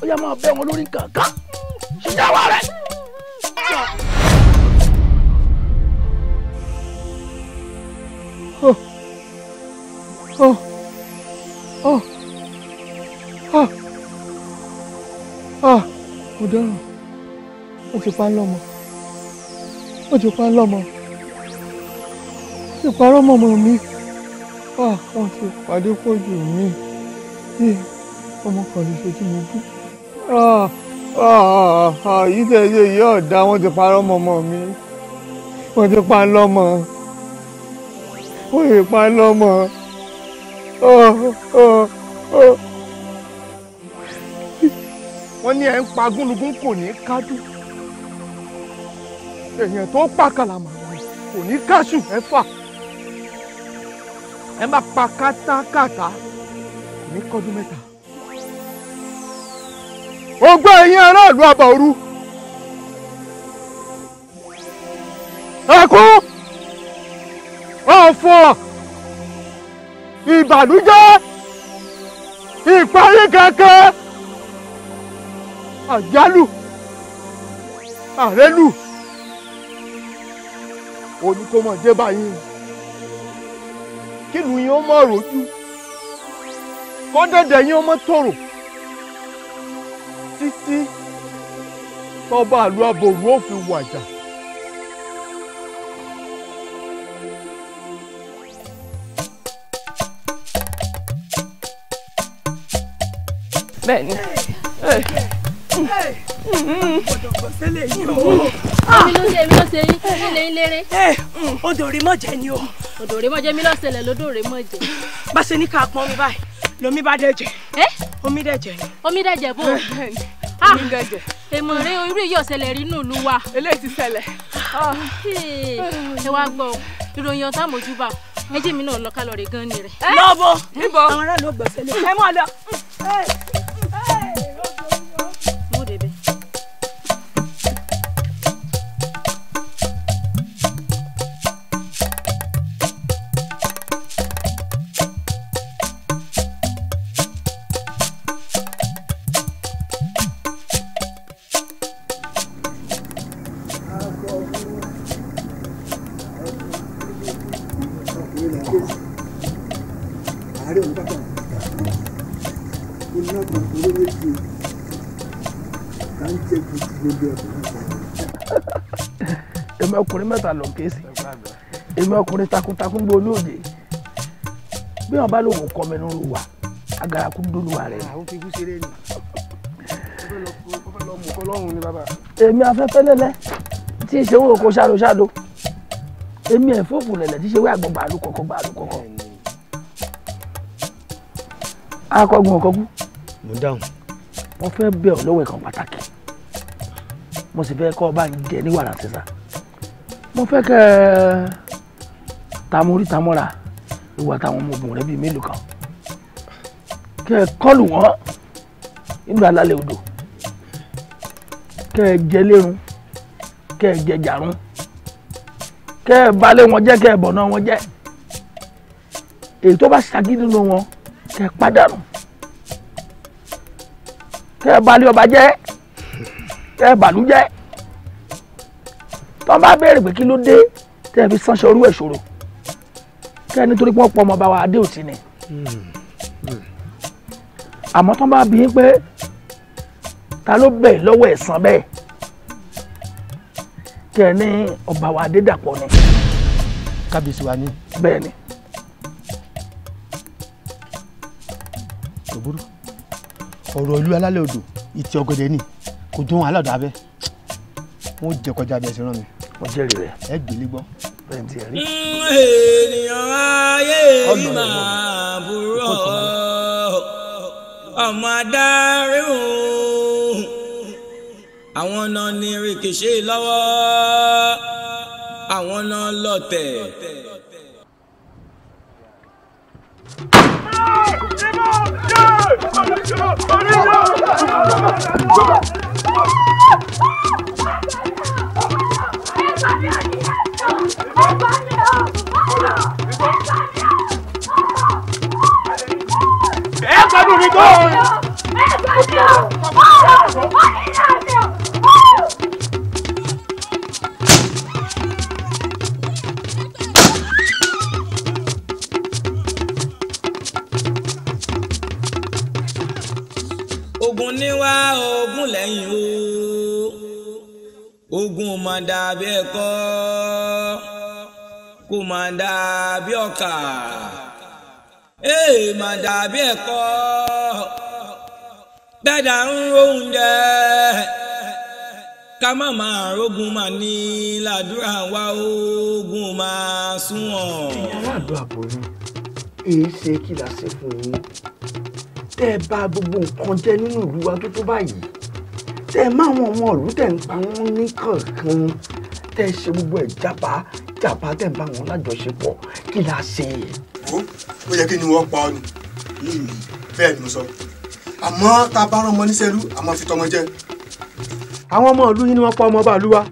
ó yẹ máa bẹ́ wọn lórí kankan ṣíṣe wà rẹ̀. Oh. Oh. Oh. Oh ah mo dáràn ó ti pa á lọ́mọ ó ti pa á lọ́mọ ti parọ́ mọ́mọ́ mi ah wọ́n ti pàdé pọ̀jù mi bí ọmọ kan lè ṣe tí mo bí ah ah, ah yìí tẹ̀ ṣe yìí ọ̀dà wọ́n ti parọ́ mọ́mọ́ mi wọ́n ti pa á lọ́mọ wọ́n ti pa á lọ́mọ. Oh, ah, oh, ah, oh wọ́n ní ẹ̀ ń pa gúnlugún kò ní kájú èèyàn tó pa kàlàmà kò ní káṣù mẹ́fà ẹ má pa kátákátá kò ní kọ́dún mẹ́ta. ogbó ẹ̀yin aráàlú àbàoru ẹkún ọ̀fọ̀ ìbànújẹ́ ìparí kankan àjálù àrélù òní kò mọ̀ dé báyìí kí lùyìn ó mọ̀ rojú kọ́ńdẹ̀dẹ̀ yín ó mọ̀ tòrò títí tọ́ba àlù abòrú ó fi wàjà. bẹ́ẹ̀ni èmi ló ṣe èmi ló ṣe yín kí lè ń léré. odòrè mọ̀jẹ̀ ni o. odòrè mọ̀jẹ̀ mi ló ṣẹlẹ̀ lódòrè mọ̀jẹ̀. bá ṣe ní ká pọn mi báyìí lomi bá dẹ̀jẹ̀. omi dẹ̀jẹ̀ ni. omi dẹ̀jẹ̀ bò. omi ah! dẹ̀jẹ̀. èmọ̀ rẹ irú yìí ọ̀sẹ̀lẹ̀ rí nù lù wa. eléyìí ti ṣẹlẹ̀. Ah. ẹ wá gbọ́ ìròyìn ọ̀tá mojúbà ẹjẹ́ mi náà lọ kálọ̀rì gan ni rẹ̀. lọ́bọ̀ níbo àwọn aráàlú ọgbọ̀nsẹ̀ lè. ẹ mọ̀ lọ. èmi ọkùnrin mẹ́ta lọ kéésì èmi ọkùnrin takuntakun gbé olóòjé bí wọn bá lòun kọ mẹnu wà agaraku dúlùwà rẹ. àwọn fi kú ṣeré ni èmi afẹ́fẹ́lẹ́lẹ́ tí í ṣe owó oko ṣáàdó ṣáàdó èmi ẹ̀fọ́fù lẹ̀lẹ̀ tí í ṣe wé àgbọ̀n gbàlú kọ̀kọ̀ gbàlú kọ̀kọ̀ akọgun ọ̀kọ́kú. mo dáhùn. wọ́n fẹ́ bẹ̀ ọ́ lọ́wọ́ ẹ̀kan pàtàkì mo sì fẹ́ kọ́ ọ bá ń jẹ ní wàrà sísá mo fẹ́ kẹ́ ẹ tamori tamora ìwà táwọn ọmọọmọ rẹ bíi mélòó kan kẹ́ ẹ kọlù wọn nínú alálẹ̀ odò kẹ́ ẹ jẹ lérun kẹ́ ẹ jẹ jàrún kẹ́ ẹ balẹ̀ wọn jẹ́ kẹ́ ẹ bọ̀nà wọn jẹ́ èyí tó bá ṣàgídí nínú wọn kẹ́ ẹ pàdánù kẹ́ ẹ balẹ̀ ọba jẹ́ kẹ́ ẹ bàlú jẹ́ tó bá béèrè pé kí ló dé tẹ́ ẹ fi sánṣọ orú ẹ̀ ṣòro kẹ́ ẹ nítorí pé wọ́n pọ̀ ọmọ bá wa adé òtí ni àmọ́ tó bá bí pé ta ló bẹ̀ lọ́wọ́ ẹ̀san bẹ́ẹ̀ kẹ́ ẹ ní ọba wa adé dàpọ̀ ni. kábíyèsí wa ni. bẹ́ẹ̀ ni. kò burú ọ̀rọ̀ ìlú alálẹ̀ odò ìtì ọ̀gọ̀dẹ̀ ni kò dún aládàá abẹ́ wọ́n jẹ́ kọjá abẹ́ sí rán mi mo jẹ́rìí rẹ̀. ẹ gbélé gbọ́. pẹ̀ntì ẹ̀rí. ènìyàn ayé rí màá ọmọ adarí òun àwọn náà ní rìkìṣe lọ́wọ́ àwọn náà lọ́tẹ̀. Oh, ogun ni wá ogun lẹ́yìn o ogun ò máa dà bí ẹ̀kọ́ kò máa dà bí ọkà ee ma dà bí ẹ̀kọ́ ń rohùn jẹ́ ká má máa rógun máa ní ládùúrà wá ogun máa súnwọ̀n. ìyá aládùn àbò èyí ṣe kí la ṣe fún yín tẹ́ ẹ bá gbogbo nǹkan jẹ nínú ìlú wa tó tó báyìí ṣe ẹ máa wọn ọmọ ọ̀lú tẹ̀ ń pa wọ́n ní kankan tẹ́ ẹ ṣe gbogbo ẹ̀ jábá jábá tẹ̀ ń bá wọn lájọṣepọ̀ kí la ṣe. ó ó yẹ kí ni wọ́n pa ọ́ nù bẹ́ẹ̀ ni mo sọ àmọ́ tá bá rán ọmọ níṣẹ́lú àmọ́ fi tọmọ jẹ. àwọn ọmọ ìlú yìí ni wọ́n pa ọmọ ọba ìlú wa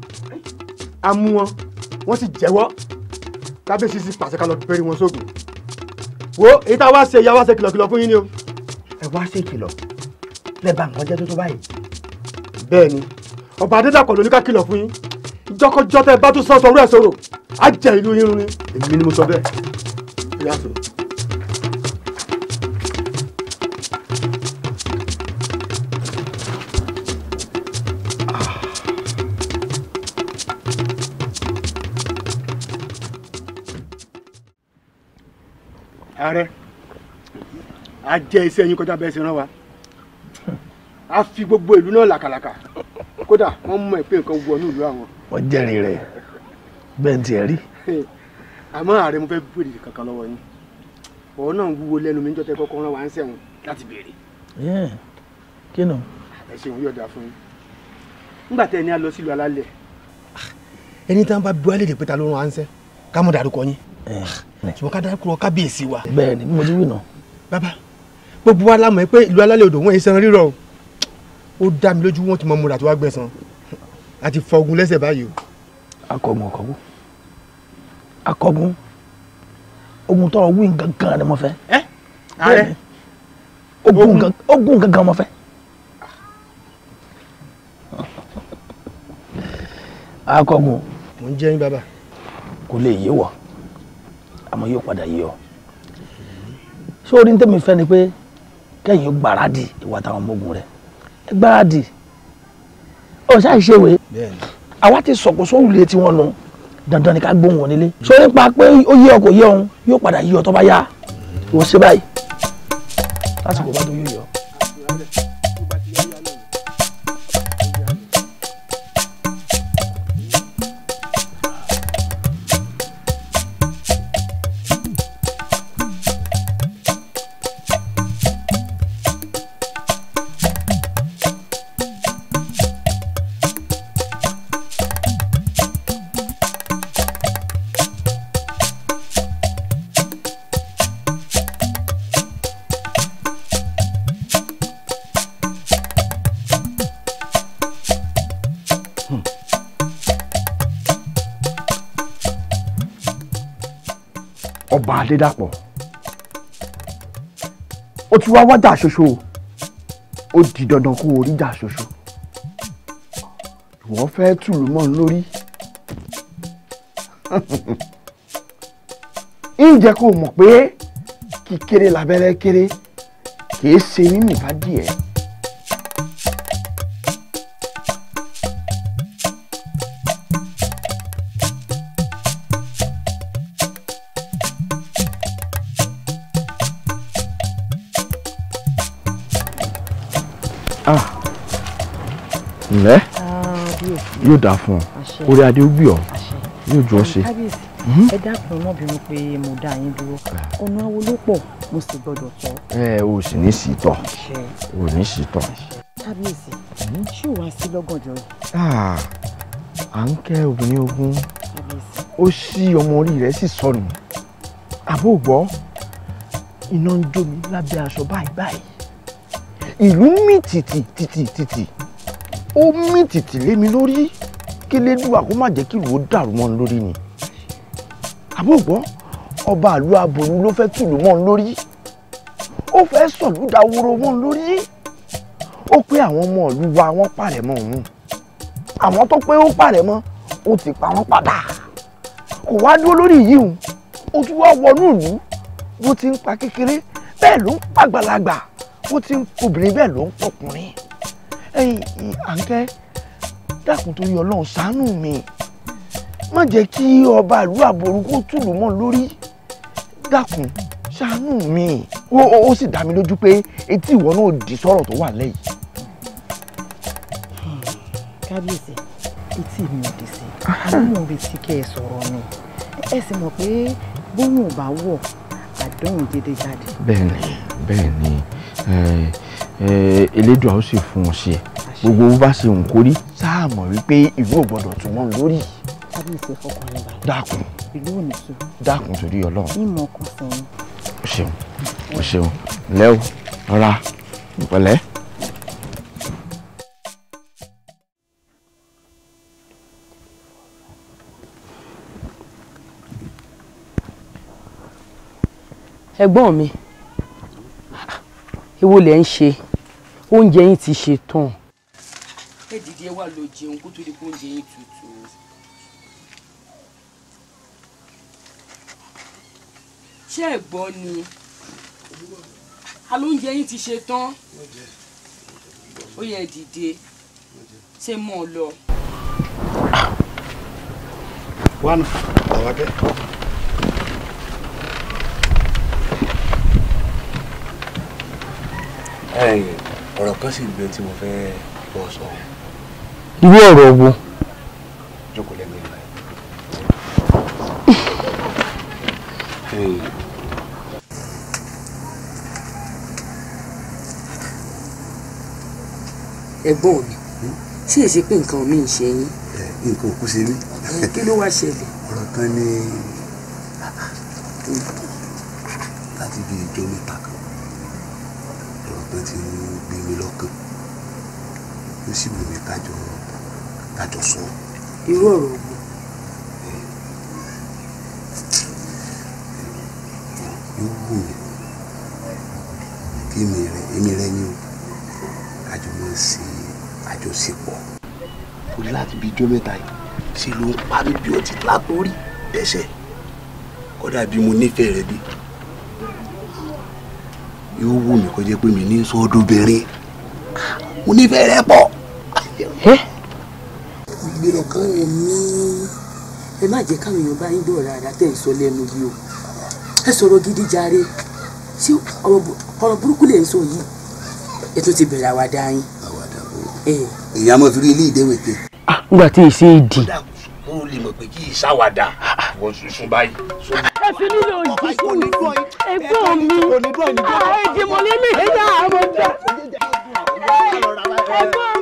a mú wọn wọ́n sì jẹ́wọ́ kábíyèsí sì pàṣẹ ká lọ bẹ̀rẹ̀ wọn sóògùn wo èyí tá a wá ṣe ìyá wa ṣe kìlọ̀kìlọ̀ fún yín ni o ẹ wá ṣe ìkìlọ̀ lẹ́ẹ̀bà nǹkan jẹ́ tó tó báyìí bẹ́ẹ̀ ni ọba adédàkọ̀ ló ní ká kìlọ̀ fún yín ìjọkọjọ tẹ bá tún sọ ọtọ ọrú ẹ sọ̀rọ̀ á jẹ ìlú yín run ni èmi ni mo sọ bẹ́ẹ̀ ẹ yá sọ̀rọ̀. Ah. ààrẹ a jẹ iṣẹ́ yín kọjá bẹ́ẹ̀ ṣe rán wa a fi gbogbo ìlú náà làkàlàkà kódà wọ́n mọ̀ pé nǹkan wọnú ìlú àwọn. wọ́n jẹ́rìí rẹ̀ bẹ́ẹ̀ ti ẹ̀ rí. àmọ́ ààrẹ mo fẹ́ béèrè kankan lọ́wọ́ yín ọ̀rọ̀ náà wúwo lẹ́nu mi níjọ́ tẹ́ kọ́kọ́ rán wa ń sẹ̀wọ̀n láti béèrè. kí nù. ẹ ṣeun yọ̀dà fún yín nígbà tẹ́ ẹ ní a lọ sílùú alálẹ̀. ẹni tá n bá bí wálé dèpẹ́ta ló rán wa ń sẹ́ ká mọ̀ dárúkọ yín ṣùgbọ́n ká dárúkọ kábíyèsí wa. bẹ́ẹ̀ni mo ti wí náà. bàbá gbogbo wa lámọ̀ pé ìlú alálẹ̀ odò wọn èso ó dá mi lójú wọn ti mọ múra tó wá gbẹ̀san àti fọgun lẹ́sẹ̀ báyìí o. akọgun ọkọgun akọgun ogun tọrọ wí gangan ni mo fẹ́. ẹ ààrẹ ogun gangan mo fẹ́. akọgun. mo ń jẹ́ yín bàbá. kò lè yé wọ àmọ́ yóò padà yé ọ ṣé orí ń fẹ́ ni pé kẹ́yìn gbáradì ìwà táwọn ọmọ ogun rẹ̀ gbáradì ọ̀sá ìṣèwé àwa ti sọ̀kò sóhùn lé tiwọn nù dandan ni ká gbóhùn wọn nílé sọ nípa pé ó yé ọ kò yé ọhún yóò padà yé ọ tó bá yá ìwọ ṣe báyìí lásìkò bá tó ṣe dàpọ̀ ó ti wá wájà ṣoṣo ó di dandan kó orí jà ṣoṣo ìwọ fẹ́ tùlù mọ́ lórí ǹjẹ́ kó mọ̀ pé kíkéré labẹ́rẹ́ kéré kìí ṣe nínú ìbádìí ẹ̀. yóò dáa fún ọ orí adé ó gbé ọ yóò jọ ọ ṣe. Hmm? ẹ dákun mọ́ bínú pé mo dá yín dúró ah. ọ̀nà awo ló mo sì gbọ́dọ̀ tọ́. ẹ o sì ní sí tọ o ní sí tọ. kábíyèsí ṣé ò wá sí lọ́gànjọ́ yìí. Ah, à ń kẹ́ obìnrin ogun ó ṣí ọmọ orí rẹ̀ sì sọnù àbó gbọ́ iná ń jó mi lábẹ́ aṣọ báyìí báyìí ìlú mi tìtì tìtì tìtì ó mì tìtì lé mi lórí kí lẹ́dùn àkó má jẹ́ kí ìlú ó dàrú mọ́ ni lórí ni àbúgbọ́n ọba àlú aboyún ló fẹ́ tùlù mọ́ ni lórí ó fẹ́ sọ̀lúdà woro mọ́ ni lórí ó pé àwọn ọmọ ìlú wa wọ́n pàrẹ̀ mọ́ òun àwọn tó pé ó pàrẹ̀ mọ́ ó ti pa wọ́n padà kò wá dúró lórí yìí o ó tún wá wọnú ìlú bó ti ń pa kékeré bẹ́ẹ̀ ló ń pàgbàlagbà bó ti ń obìnrin bẹ́ẹ̀ ló ń pọkùnrin àǹkẹ́ dákun torí ọlọ́run ṣàánú mi má jẹ́ kí ọba ìlú àbòrú kó tùlù mọ́ lórí dákun ṣàánú mi ó sì dá mi lójú pé etí ìwọ náà di sọ̀rọ̀ tó wà lẹ́yìn. kábíyèsí etí mi ò dì sí àdéhùn ah, ah. retí kẹ́ ẹ sọ̀rọ̀ mi ẹ sì mọ̀ pé bóun ò bá wọ̀ àdéhùn dédé jáde. bẹ́ẹ̀ni bẹ́ẹ̀ni. Eh elédùn àwọn sì fún un ṣe gbogbo bó bá ṣe ń kórí sáà mọ̀ wípé ìlú ò gbọ́dọ̀ tún mọ́ lórí. kábíyèsí fọkàn rẹ báyìí. dákun ìlú ò ní dákun torí Ọlọ́run. o ṣeun o ṣeun lẹ́wọ̀ rọra pẹ̀lẹ́. ẹ̀gbọ́n mi èwo lẹ̀ ń ṣe oúnjẹ yín ti ṣe tán. ẹ dìde wà ló jẹun kó tó di kó oúnjẹ yín tutù. ṣé ẹ gbọ́ ni alóúnjẹ yín ti ṣe tán ó yẹ dìde ṣé mọ̀ ọ lọ. wánà làwákẹ́. ọ̀rọ̀ kan sì gbé tí mo fẹ́ bọ́ sọ. irú ọ̀rọ̀ wo. jókòó lẹ́nu ìlà yìí. ẹ̀gbọ́n mi ṣé èsì pé nǹkan mi ń ṣe yín. nǹkan òkú ṣe mí. kí ló wá ṣẹlẹ̀. ọ̀rọ̀ kan ni láti bí ìjọ mẹ́ta ti ń gbé mi lọ́kàn yóò sì wù mí kájọ kájọ sọ. irú ọ̀rọ̀ wo. yóò wù mí kí èmi rẹ èmi rẹ ni o kájọ máa ṣe àjọṣepọ̀. torí láti bíi ijó mẹ́ta yìí ṣe ló ń pa mí bí ó ti látòrí dẹ́sẹ̀ kódà bí mo nífẹ̀ẹ́ rẹ bí yóò wù mí kó jẹ́ pé mi ní sọ́ọ́dúnbìnrin mo nífẹ̀ẹ́ rẹ pọ̀. ìgbèrò kan rẹ̀ ní ẹ má jẹ́ káwọn èèyàn bá yín dọ̀rọ̀ ara tẹ̀ ń sọ lẹ́nu yìí o ẹ sọ̀rọ̀ gidi jàre ṣé ọ̀rọ̀ burúkú lè ń sọ yìí ẹ tún ti bẹ̀rẹ̀ àwàdà yín. àwàdà o èèyàn mọ̀ fi rí ilé ìdẹ́wẹ̀ tẹ. Ah, nígbà tí èsì èdè. ó lè mọ̀ pé kí ìsáwàdà ah, ah. wọ́n sùn báyìí ẹ fi nílò òjijì ẹ̀gbọ́n mi ẹdìmọlẹ mi ẹyà àwọn ọjà ẹ̀gbọ́n.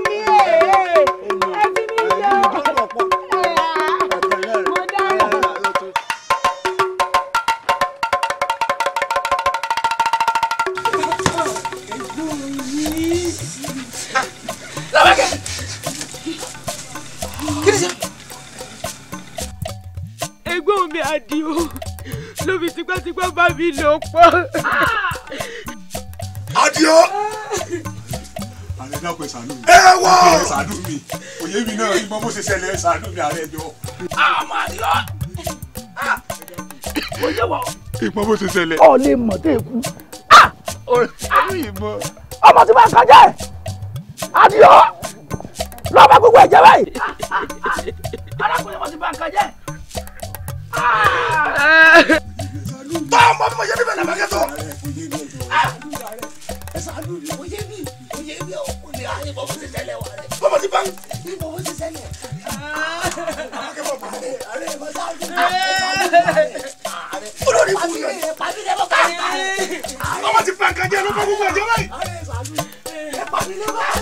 ló pọ̀. Adio. Ẹ wọ́. Ìpínlẹ̀ mi. Òye mi náà bó ṣe ṣẹlẹ̀ ìsànú mi ààrẹ jọ. Àmọ́ Adio. Mo wọ. Ìmọ̀ bó ṣe ṣẹlẹ̀. Ọ̀ lè mọ̀ tó èkú. Ọmọ tí wọ́n kọjá ẹ̀. Adio. Lọ́ba gbogbo ẹ̀jẹ̀ báyìí. Arákùnrin mo ti bá ń kọjá ẹ̀ tọ́ ọmọ bí mo ṣe níbẹ̀ làbẹ́ kẹ́tọ́. bọ́mọ ti bá ń. bọ́mọ ti ṣẹlẹ̀. olórí fún mi. ọmọ ti bá ń kájẹ́ ló bá gbogbo ẹ̀jẹ̀ báyìí.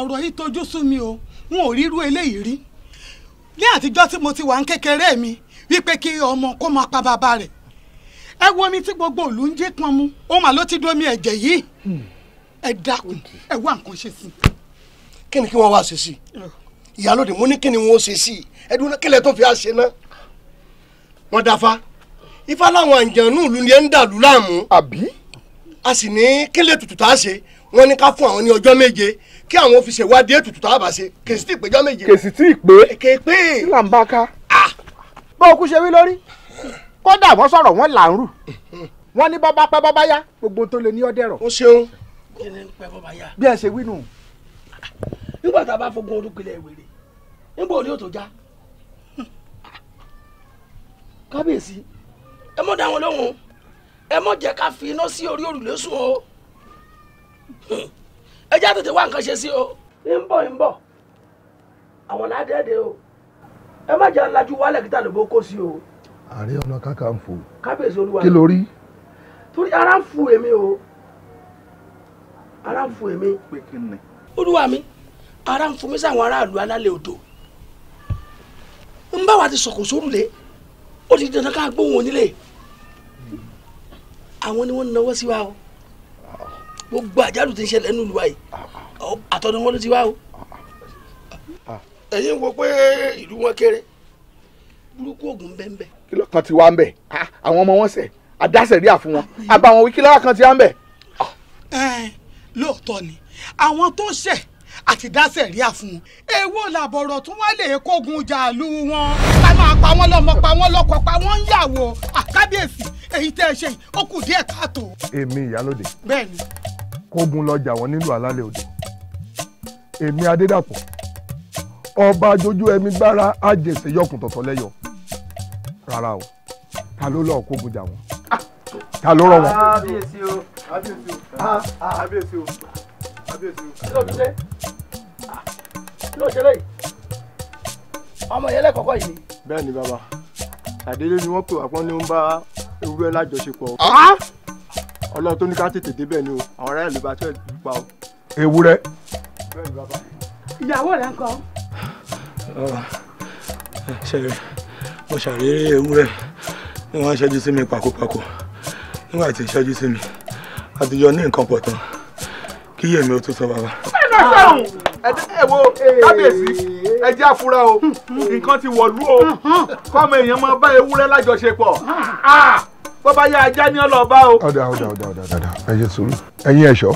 ọ̀rọ̀ yìí tojú sú mi o n ò rírú eléyìí rí ní àtijọ́ tí mo ti wà ń kékeré mi wípé kí ọmọ kó máa pa bàbá rẹ̀ ẹ wo omi tí gbogbo òlú ń jí pọn mu ó mà ló ti domi ẹ̀jẹ̀ yìí hmm. ẹ dákun ẹ wá nǹkan ṣe sí. kí ni kí wọ́n wá ṣe sí ìyálòdì mo ní kí ni wọ́n ṣe sí ẹdun náà kílẹ̀ tó fi á ṣe ná wọ́n dáfa ifá láwọn àǹjànú ìlú ni ẹ ń dàlú láàmú àbí a sì ní kílẹ̀ tutù tá a ṣe wọ́n ní ká fún àwọn ní ọjọ́ méje kí àwọn fi ṣèwádìí ètùtù tá a bá ṣe kèsì tí ìpéjọ méje. kèsì tí ìpè. èké pé. tí là ń bá ká. bó o kú ṣe wí lórí kódà wọ́n sọ̀rọ̀ wọ́n là ń rù wọ́n ní bọ́bá pẹ́ bọ́bá yá gbogbo tó lè ní ọdẹ rọ̀. o ṣeun. kí ni pẹ́ bọ́bá yá. bí ẹ ṣe wí nù. nígbà tá a bá fogun ọdún pilẹ̀ ìwéré níbo ni yóò tó já. kábíyèsí ẹ mọ̀ dá wọn lóhùn ẹ mọ̀ jẹ́ ká fi iná sí orí òrùlé sùn o ẹ já tètè wá nǹkan ṣe sí o. ń bọ̀ ń bọ̀ àwọn ládẹ́ẹ̀dẹ́ o ẹ má jẹ́ alájú wálẹ̀ kíta lóbo kó sí o. ààrẹ ọ̀nà kakanfò kábíyèsí olúwa kí ló rí. torí ara ń fu èmi o ara ń fu èmi. olúwa mi ara ń fu mi sáwọn aráàlú alálẹ̀ odò ń bá wa ti sọ̀kò sórùlé ó ti dandan ká gbóhùn onílé àwọn ni wọ́n náwó sí wa o gbogbo àjálù tí ń ṣẹlẹ̀ nínú ìlú wa yìí àtọ̀dọ̀ wọn ló ti wá o ẹ̀yin wo pé ìlú wọn kéré burúkú oògùn bẹ́ẹ̀ kí ló kan ti wá ń bẹ̀ àwọn ọmọ wọn sẹ̀ àdásẹ̀ rí àfún wọn àbá àwọn wíkí lára kan ti wá ń bẹ̀. lóòótọ́ ni àwọn tó ṣẹ̀ àti dásẹ̀ rí àfún wọn èwo làbọ̀rọ̀ tún wá lè kógun jàlú wọn ká máa pa wọ́n lọ́mọ pa wọ́n lọ́kọ pa wọ́n ń yàwó àkábíyèsí èyí tẹ́ ẹ ṣe ó kù díẹ̀ káàtó. èmi ìyálóde. bẹ́ẹ̀ni kógun lọ jà wọ́n nílùú alálẹ̀ odò èmi adédàpọ̀ ọba dojú ẹmí gbára àjèsè yọkùn tọ̀tọ̀ lẹ́yọ rárá o ta ló lọ́ọ́ kógun jà wọ́n ta ló rọ wọn. kábíyèsí o kábíyèsí o ah, ah, ah. kábíyèsí o kábíyèsí o. kí ló lẹ́yìn ọmọ yẹn lẹ́kọ̀ọ́kọ́ yìí ni. bẹ́ẹ̀ ni ni wọ́n pè wá pọ́n ní ń bá ewúrẹ́ lájọṣepọ̀ ọlọ́run tó ní ká tètè débẹ̀ ni o àwọn ará ìlú bá tẹ̀ pa o. ewúrẹ́. ìyàwó rẹ kọ. Ah, ṣe mo ṣàrírí ewúrẹ́ ni wọ́n ṣẹ́jú sí mi pakopako nígbà tí ìṣẹ́jú sí mi àtijọ́ ní nǹkan pọ̀ tán kí yèmí ó tún sọ bàbá. ẹ lọ sọ̀rùn ẹ wo kábíyèsí ẹ jẹ́ àfúrá o hmm. nǹkan ti wọ̀lú o hmm. kọ́mọ èèyàn máa bá ewúrẹ́ lájọṣepọ̀. Hmm. Ah! bó bá yá ajá ní ọlọ́ọ̀bá o. ọ̀dà ọ̀dà ọ̀dà ọ̀dà ọ̀dà ẹ ṣe sùúrù ẹ̀yin ẹ̀ṣọ́.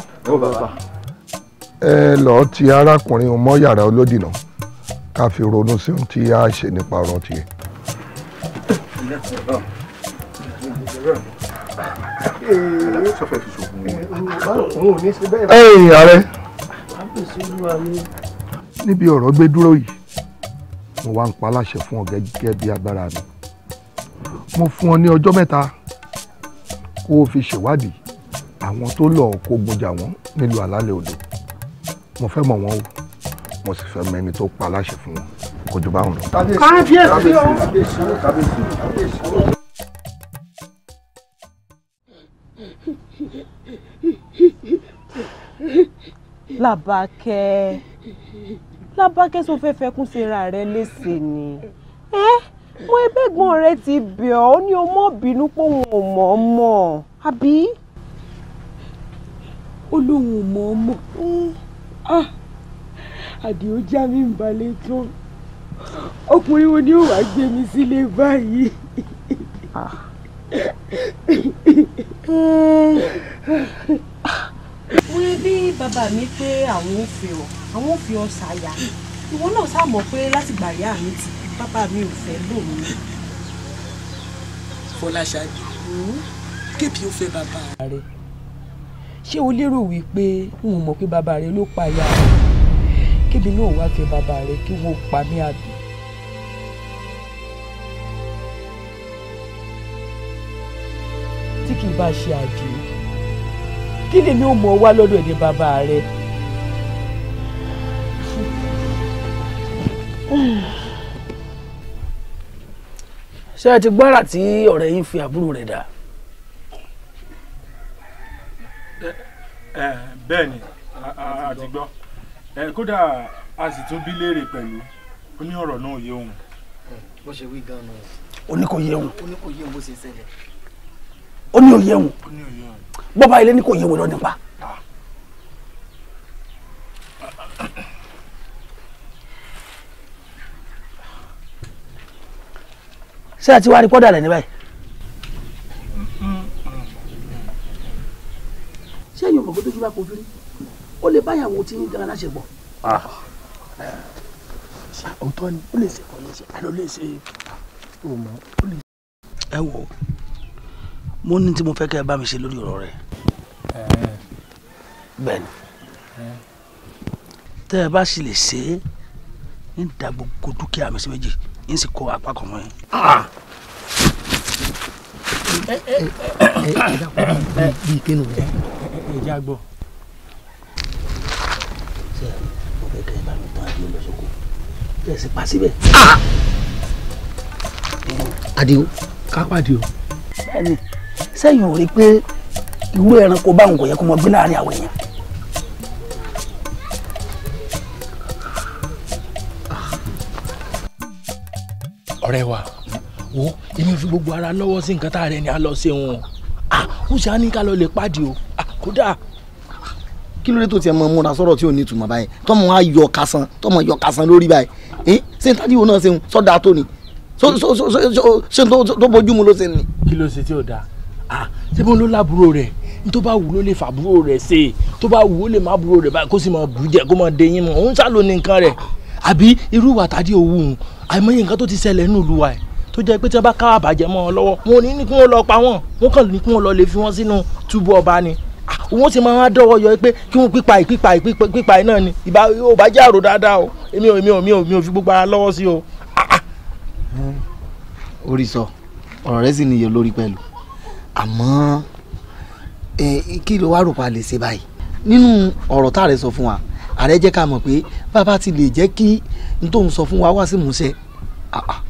ẹ lọ́ọ́ ti arákùnrin mọ́ yàrá olódìnà ká fi ronú sí ohun tí a ṣe nípa ọ̀rọ̀ tiẹ̀. ẹ̀yin ààrẹ níbi ọ̀rọ̀ gbé dúró yìí mo wá ń pa aláṣẹ fún ọ gẹ́gẹ́ bí agbára mi mo fún ọ ní ọjọ́ mẹ́ta kó o fi ṣèwádìí àwọn tó lọ kógun jà wọ́n nílùú alálẹ̀ odò mo fẹ́ mọ̀ wọ́n o mo sì fẹ́ mẹ́ni tó pa aláṣẹ fún wọn kò jù báwọn lọ. kábíyèsí o làbákẹ́ làbákẹ́ sọ fẹ́ fẹ́ kún síra rẹ léṣe ni. Eh? mo ẹgbẹ́gbọ́n rẹ ti bẹ̀ ọ́ ní o mọ́ bínú pé òun ò mọ̀ ọ́ mọ̀ àbí. ó lóun ò mọ̀ ọ́ mọ̀ ah! àdìó já mi ń balẹ̀ tán ọkùnrin wo ni ó wàá gbé mi sílé báyìí. Ah! mo rí bí bàbá mi pé àwọn ò fi ọ àwọn ò fi ọ ṣàyà ìwọ náà sá mọ̀ pé látìgbà ìyá mi ti bàbá mi ò fẹ́ lò mí. Fọláṣadé hmm? kébi ó fẹ́ bàbá rẹ ṣé o lérò wípé n ò mọ̀ pé bàbá rẹ ló pa ìyá rẹ kébi náà wá fẹ́ bàbá rẹ kí wọ́n pa mí àbí. tí kì í bá ṣe àdìo kí lèmi ò mọ̀ wá lọ́dọ̀ ẹ̀dẹ̀ bàbá rẹ. Mm ṣé ẹ ti gbára tí ọ̀rẹ́ yín fi àbúrò rẹ̀ dà. bẹ́ẹ̀ ni a ti gbọ́ kódà a sì tún bí léèrè pẹ̀lú ó ní ọ̀rọ̀ náà yé òun. bó ṣe wí gan-an. ó ní kò yé òun. ó ní kò yé òun bó ṣe ṣẹlẹ̀. ó ní òye òun. bọ́ba ilé ní kò yé òun lọ nípa. ṣé ẹ ti wá rí pọ́dà rẹ̀ ní báyìí. ṣé yóò mọ̀ gbọ́dọ̀ bá kojú rí ó lè báyàwó tí ń gan aláṣẹ pọ̀. òótọ́ ni ó lè ṣe kọ́ lè ṣe àlọ́ lè ṣe òmò ó lè. ẹ wo mo ní tí mo fẹ́ kẹ́ ẹ bá mi ṣe lórí ọ̀rọ̀ rẹ̀ bẹ́ẹ̀ ni ẹ bá sì lè ṣe é ń da gbogbo dúkìá mi sí méjì n sì kó apá kan mọ́ yín. bí kínú rẹ. ẹ jẹ́ àgbọ̀. ṣé o fẹ́ kẹ́ ẹ bá mi tán àbí o ẹ sì pa síbẹ̀. àdìo kápádì o. bẹ́ẹ̀ni sẹ́yìn ò rí i pé irú ẹranko báwọn kò yẹ kó mọ gbé láàrin àwọn èèyàn. ọ̀rẹ́ wa wo èmi fi gbogbo ara lọ́wọ́ sí nǹkan tá a rẹ ni a lọ ṣe wọn ah ó ṣe á ní ká lọ lè pàdé o ah kódà. kí ló dé tó tiẹ̀ mọ múra sọ̀rọ̀ tí ò ní ìtumọ̀ báyìí tọ́mọ á yọ kásán tọ́mọ yọ kásán lórí báyìí ṣé tájú wo náà ṣe ń sọ́dà tó ni ṣé tó bójú mu ló ṣe ni. kí ló ṣe tí ò dáa ah ṣé bó ló lábúrò rẹ̀ tó bá wù ló lè fàbúrò rẹ̀ ṣe tó bá wù ó lè má búrò rẹ̀ báyìí kó sì máa bù jẹ kó máa dẹyìn mọ́ òun ṣàlò ní nǹkan rẹ̀ àbí irú ìwà tàdí owó òun àìmọye nǹkan tó ti ṣẹlẹ̀ nínú ìlú wa ẹ̀ tó jẹ́ pé tí wọ́n bá káwà bàjẹ́ mọ́ ọ lọ́wọ́ wọn ò ní ní kí wọ́n lọ pa wọ́n wọ́n kàn ní kí wọ́n lọ lè fi wọ́n sínú túbú ọba ni wọ́n sì máa ń dọ́wọ́ yọ pé kí wọ́n pípa ìpípa ìpípa náà ni ìbá ò bá jẹ́ àrò dáadáa o èmi ò èmi ò mi ò fi gbogbo ara lọ́wọ́ sí o. orí sọ ọ̀rọ̀ rẹ sì níyẹ lórí pẹ̀lú àmọ́ kí ló wá rò pa lè ṣe báyìí nínú ọ̀rọ̀ tá a rẹ sọ fún wa ààrẹ jẹ́ ká mọ̀ pé bàbá ti lè jẹ́ kí n tó ń sọ fún wa wá sí ìmúṣẹ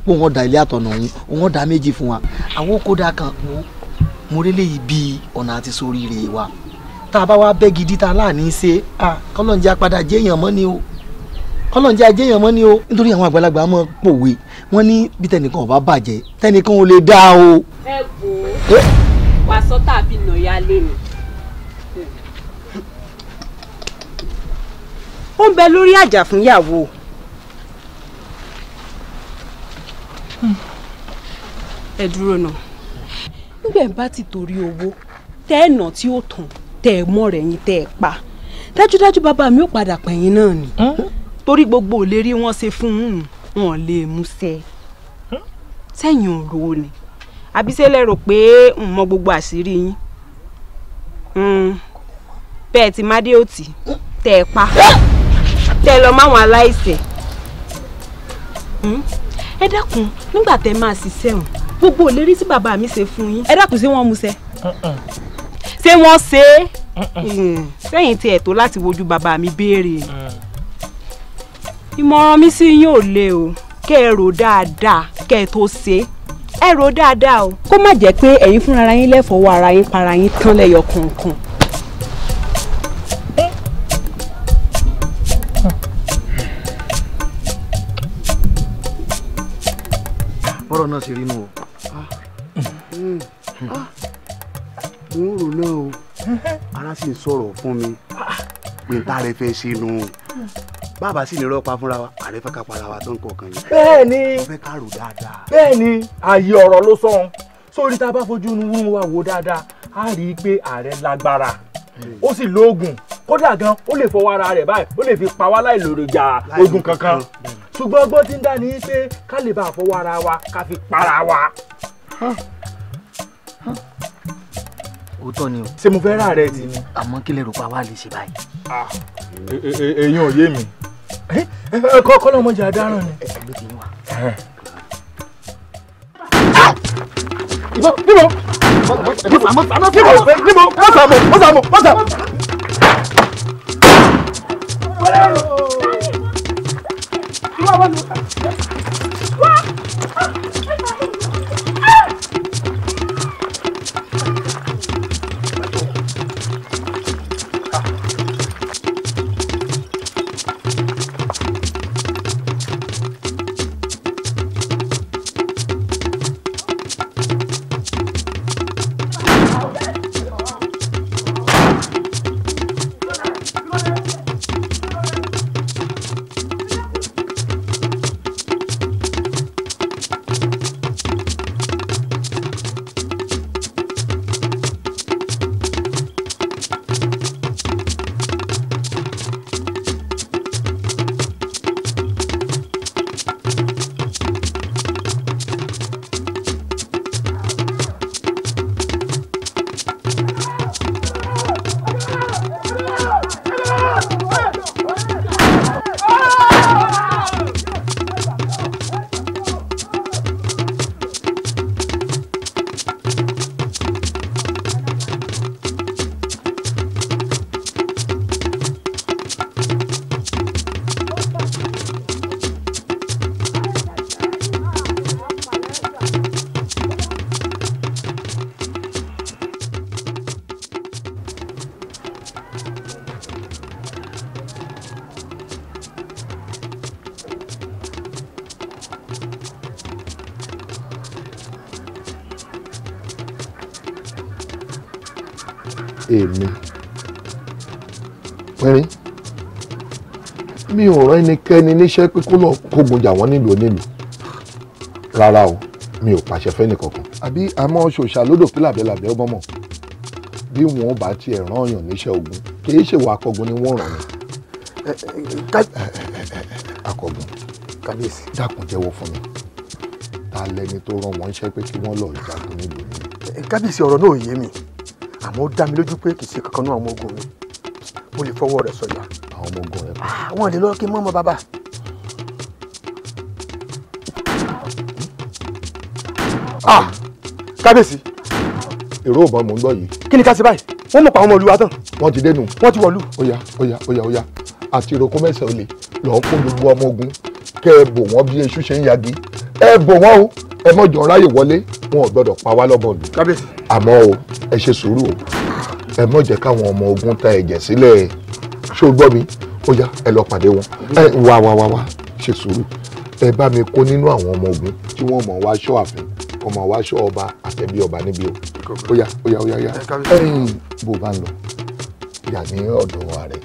pé wọ́n da ilé àtọ̀nà òun wọ́n da méjì fún wa àwọn kódà kan wo mo rí léyìí ọ̀nà àti rè wa tá a bá wá bẹ́ gidi ta láàní ṣe apadà jẹ́yàn mọ́ ni o ajẹ́yàn mọ́ ni o nítorí àwọn àgbàlagbà pòwe wọ́n ní bí tẹnìkan ò o. ẹ sọ tàbí ó ń bẹ lórí àjà fún ìyàwó. Hmm. ẹ dúró náà nígbà bá ti torí owó tẹ́ ẹ̀ nà tí ó tàn tẹ́ ẹ̀ mọ́ rẹ̀ yín tẹ́ ẹ̀ pa dájúdájú bàbá mi ò padà pẹ̀yìn náà ni hmm? torí gbogbo òlérí wọn ṣe fún un wọn lè múṣẹ hmm? sẹ́yìn òru ni àbí ṣé lẹ rò pé n mọ gbogbo àṣírí yín bẹ́ẹ̀ ti má dé òtí tẹ́ ẹ pa tẹ́ ẹ lọ máwọn aláìsàn hmm? ẹ dákun nígbà tẹ́ máa ṣiṣẹ́ hàn gbogbo òlérí tí bàbá mi ṣe fún yín ẹ dákun ṣé wọ́n mú ṣé wọ́n ṣe é sẹ́yìn hmm. tí tó láti wojú bàbá mi béèrè mm. ìmọ̀ràn mi sí yín ò le o kẹ́ ẹ rò dáadáa kẹ́ ẹ tó ṣe é ẹ rò dáadáa o kó má jẹ́ pé ẹ̀yin fúnra yín lẹ́fọ̀ọ́ ara yín para yín tán lẹ́yọ kọ̀ọ̀kan. bọ́rọ̀ náà ṣe rí nu o. mo ń rò náà o ara sì ń sọ̀rọ̀ fún mi pé n ta rẹ fẹ́ ṣe nu bàbá sì ní rọpa fúnra wa àrẹ fẹ́ ká para wa tó ń kọkàn yìí. bẹ́ẹ̀ni fẹ́ ká rò ààyè ọ̀rọ̀ ló sọ sórí tá a bá fojú inú wa wò dáadáa a rí i pé ààrẹ lágbára hmm. ó sì lóògùn kódà gan ó lè fọwọ́ ara rẹ̀ báyìí ó lè fi pa wá láì lòròjà ogun kankan hmm ṣùgbọ́n ọgbọ́n tí ń dá ní í pé ká lè bá àfọwọ́ ara wa ká fi para wa. òótọ́ ni o. ṣé mo fẹ́ rà rẹ ti ni. àmọ́ kí lè rò pa wá lè ṣe báyìí. èyí ah, ò yé mi. ẹ̀kọ́ kọ́lọ́mọjà dáràn ni. ẹ̀sìn ló ti ń wà. Níbo níbo níbo níbo mọ́sàmù mọ́sàmù mọ́sàmù. Wah, wah, wah. Wah. mi ò rán ẹnikẹ́ni níṣẹ́ pé kó lọ kógun jà wọ́n nílùú onílùú rárá o mi ò pàṣẹ fẹ́ nìkankan. àbí àmọ́ ṣòṣà lódò pílàbẹ́làbẹ́ ọmọ mọ̀ bí wọn ò bá tiẹ̀ rán ọyàn níṣẹ́ ogun kì í ṣèwà akọgun ni wọ́n rán mi. akọgun kábíyèsí dákun jẹ́wọ́ fún mi ta lẹni tó rán wọn iṣẹ́ pé kí wọ́n lọ jagun nílùú mi. kábíyèsí ọ̀rọ̀ náà yé mi àmọ́ ó dá mi lójú pé kì í ṣe kankan náà ọmọ ogun mi mo lè fọwọ́ rẹ̀ sọ̀yà gbọ̀ngàn rẹ. àwọn ah, èdè lọ kí n mọ́ ọmọ bàbá. Ah, kábíyèsí. èrò ò bá mò ń gbọ́ yìí. kí ni ká ṣe báyìí wọ́n mọ̀ pa àwọn ọmọ olúwa tán. wọ́n ti dénú. wọ́n ti wọ̀lú. ó yá ó yá ó yá ó yá àti ìrókò mẹ́sàn-án olè lọ́ọ́ kó gbogbo ọmọ ogun kẹ́ ẹ bò wọ́n bí eṣú ṣe ń yagi ẹ bò wọ́n o ẹ mọ̀jọ̀ ráyè wọlé wọn ò gbọ́dọ̀ pa wá lọ́bọ̀ lù. kábíyèsí. àmọ́ o ẹ ṣe sùúrù o ẹ mọ̀jẹ̀ káwọn ọmọ ogun ta ẹ̀jẹ̀ sílẹ̀ ṣé o gbọ́ mi ó yá ẹ lọ pàdé wọn ẹ wá wá wá wá ṣe sùúrù ẹ bá mi kó nínú àwọn ọmọ ogun tí wọ́n mọ̀ wá ṣọ́ àfin ọmọ wá ṣọ́ ọba àtẹ̀bí ọba níbí o ó yá ó yá ó yá ó yá ẹ̀yìn bó bá ń lọ yà ní ọ̀dọ̀ ààrẹ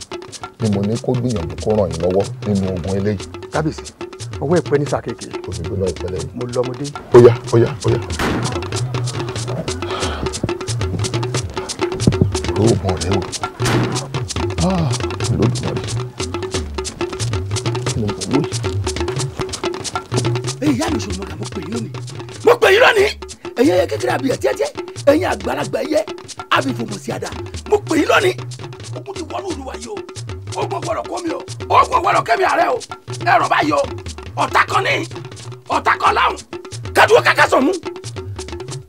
ni mo ní kó gbìyànjú kó ràn yín lọ́wọ́ nínú ogun eléyìí. kábíyèsí ọwọ́ ìpẹ́ ní sàkéèké. òṣèlú náà ìpẹ́lẹ̀ yìí. mo lọmọdé. ó yá ó yá ó yá. oògùn rẹ o. Ah. Olódùmarè ni mo wò yìí. èyí àmì ìṣòro mọ̀gà mo pè yín lónìí mo pè yín lónìí èyí ẹyẹ kékeré àbíyẹ tiẹ́tiẹ́ ẹ̀yin àgbàlagbà ẹyẹ àbífòmò sí àdá mo pè yín lónìí ogun ti wọnú olúwa yìí o ogun gbọ́dọ̀ kó mi o ogun gbọ́dọ̀ kẹmi àárẹ o ẹrọ báyìí o ọ̀tá kan ní ọ̀tá kan láwùn kádùn kàkà sọ̀mù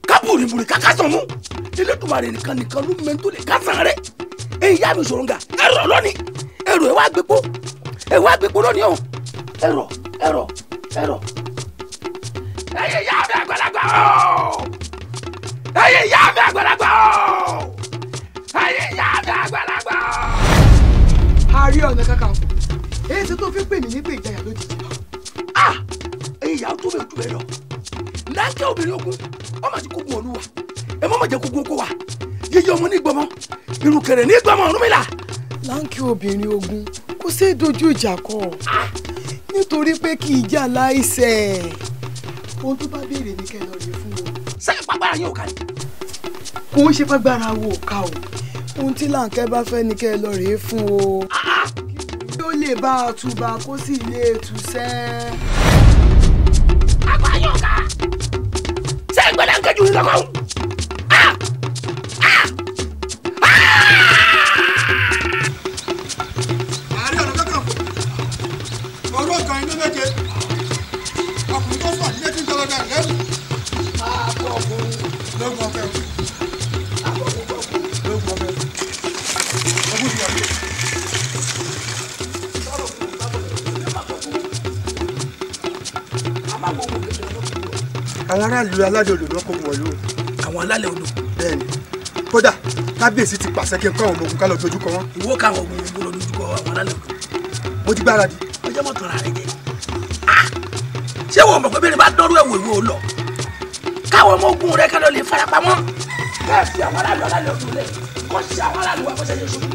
kábùrìbùrì kàkà sọ̀mù ilé tùmàrè nìkan nìkan ló mẹ́ntó lè kásán rẹ̀ ìyá mi sòròǹgà ẹ̀rọ lónìí ẹ̀rọ ẹ̀wá gbégbó ẹ̀wá gbégbó lónìí o ẹ̀rọ ẹ̀rọ ẹ̀rọ. ẹ̀yin ìyá mi àgbàlagbà o ẹ̀yin ìyá mi àgbàlagbà o ẹ̀yin ìyá mi àgbàlagbà o. Ààrẹ Ọ̀nà Kakanfò èyí tí tó fi pè mí nígbà ìjayà lójijì. ah ẹ̀yin ìyá tó bẹ̀ jù bẹ́ẹ̀ lọ láńkẹ́ obìnrin ogun ọmọ àti kógun olúwa ẹ̀ mọ́ mọ̀ jẹ́ kógun oko wa yíyí ọmọ nígbọmọ irun kẹrẹ nígbọmọ Ọ̀rúnmìlà. láǹkì obìnrin ogun kò ṣeé dojú ìjà kọ nítorí pé kì í jà láìṣẹ̀ ohun tó bá béèrè ní kẹlẹ rẹ fún o. ṣé pàgbára yóò ká ni. kò ń ṣe pàgbára wo ká o ohun tí láǹkẹ́ bá fẹ́ ní kẹlẹ rẹ fún o. kí ó lè bá a túbà kó sì lè tù sẹ́. àgbà yóò ká ṣé ìgbẹ́lẹ̀ ń lọ́kọ̀ọ́. ní méje ọkùnrin tó sọ nílé tí ń tọrọ dàrú lẹ́nu. àpò ọkùnrin ló ń gbọ́ fẹ́. àpò ọkùnrin ló ń gbọ́ fẹ́. ogún ti yàgò. àwọn aráàlú alálẹ̀ odò ló kókò wọ̀nyí o. àwọn alálẹ̀ odò. bẹ́ẹ̀ni kódà kábíyèsí ti pàṣẹ kí n kọ́ àwọn ọmọ ogun ká lọ dojú kọ wọn. ìwọ káwọn ọmọ ogun lọ dojú kọ àwọn alálẹ̀ odò. mo ti gbáradì. ó jẹ́ mọ́tò rà ṣé wọn mọ̀ pé bí ni bá dọ́rú ẹ̀wò ìwé lọ káwọn ọmọ ogun rẹ kẹlẹ́ lè farapamọ́ kẹ́ẹ̀sì àwọn aráàlú aráàlú ọdún lẹ kọ́ sí àwọn aráàlú wa kó ṣẹ̀ṣẹ̀ ṣubú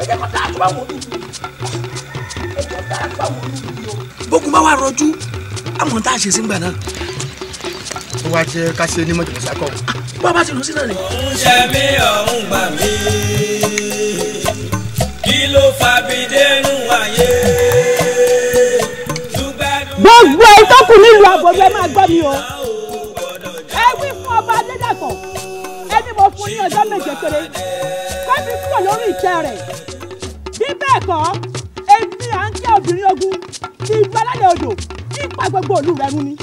ẹ̀jẹ̀ tá a tó bá wọ̀ ọdún ẹ̀jẹ̀ tá a tó bá wọ̀ ọdún yìí o. bókun bá wà rọjú àwọn tá a ṣe sí ń gbà náà. ó wá jẹ́ ká ṣe onímọ̀ jùlọ sákọ̀. bá a bá ti lù sí náà ni. òun ṣe mí ọ̀hún gbà mí kí ló fa bídẹ́nu ayé gbogbo ẹ tó kù nílùú àbọ̀dọ̀ ẹ máa gbọ́ mi o ẹ wí fún ọba adédàpọ̀ ẹni mo fún ní ọjọ́ méje péré kọ́bí kúrò lórí ìtẹ́ rẹ̀ bí bẹ́ẹ̀ kọ́ èmi à ń jẹ́ obìnrin ogun ti ìlú alálẹ̀ odò nípa gbogbo ìlú rẹ̀ mú ni.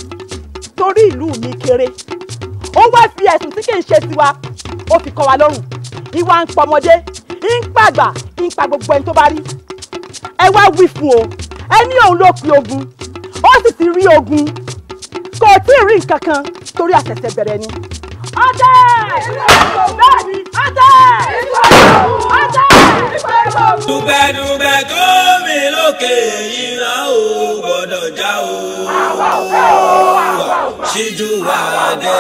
torí ìlú mi kéré ó wá fi ẹ̀sùn tí kì í ṣe tiwa ó fi kọ́ wa lọ́rùn ìwà ń pọmọdé ń pàgbà ń pa gbogbo ẹni tó bá rí ẹ wá wí fún o ẹ ní òun ló pe ogun sì ti rí ogun kò tí ì rí nǹkan kan torí àṣẹ̀ṣẹ̀ bẹ̀rẹ̀ ni. ọdẹ bẹ́ẹ̀ ni ọdẹ ọdẹ. dùbẹ̀dùbẹ̀ tó mi lókè iná ò gbọ́dọ̀ já o ṣíjú wà dé.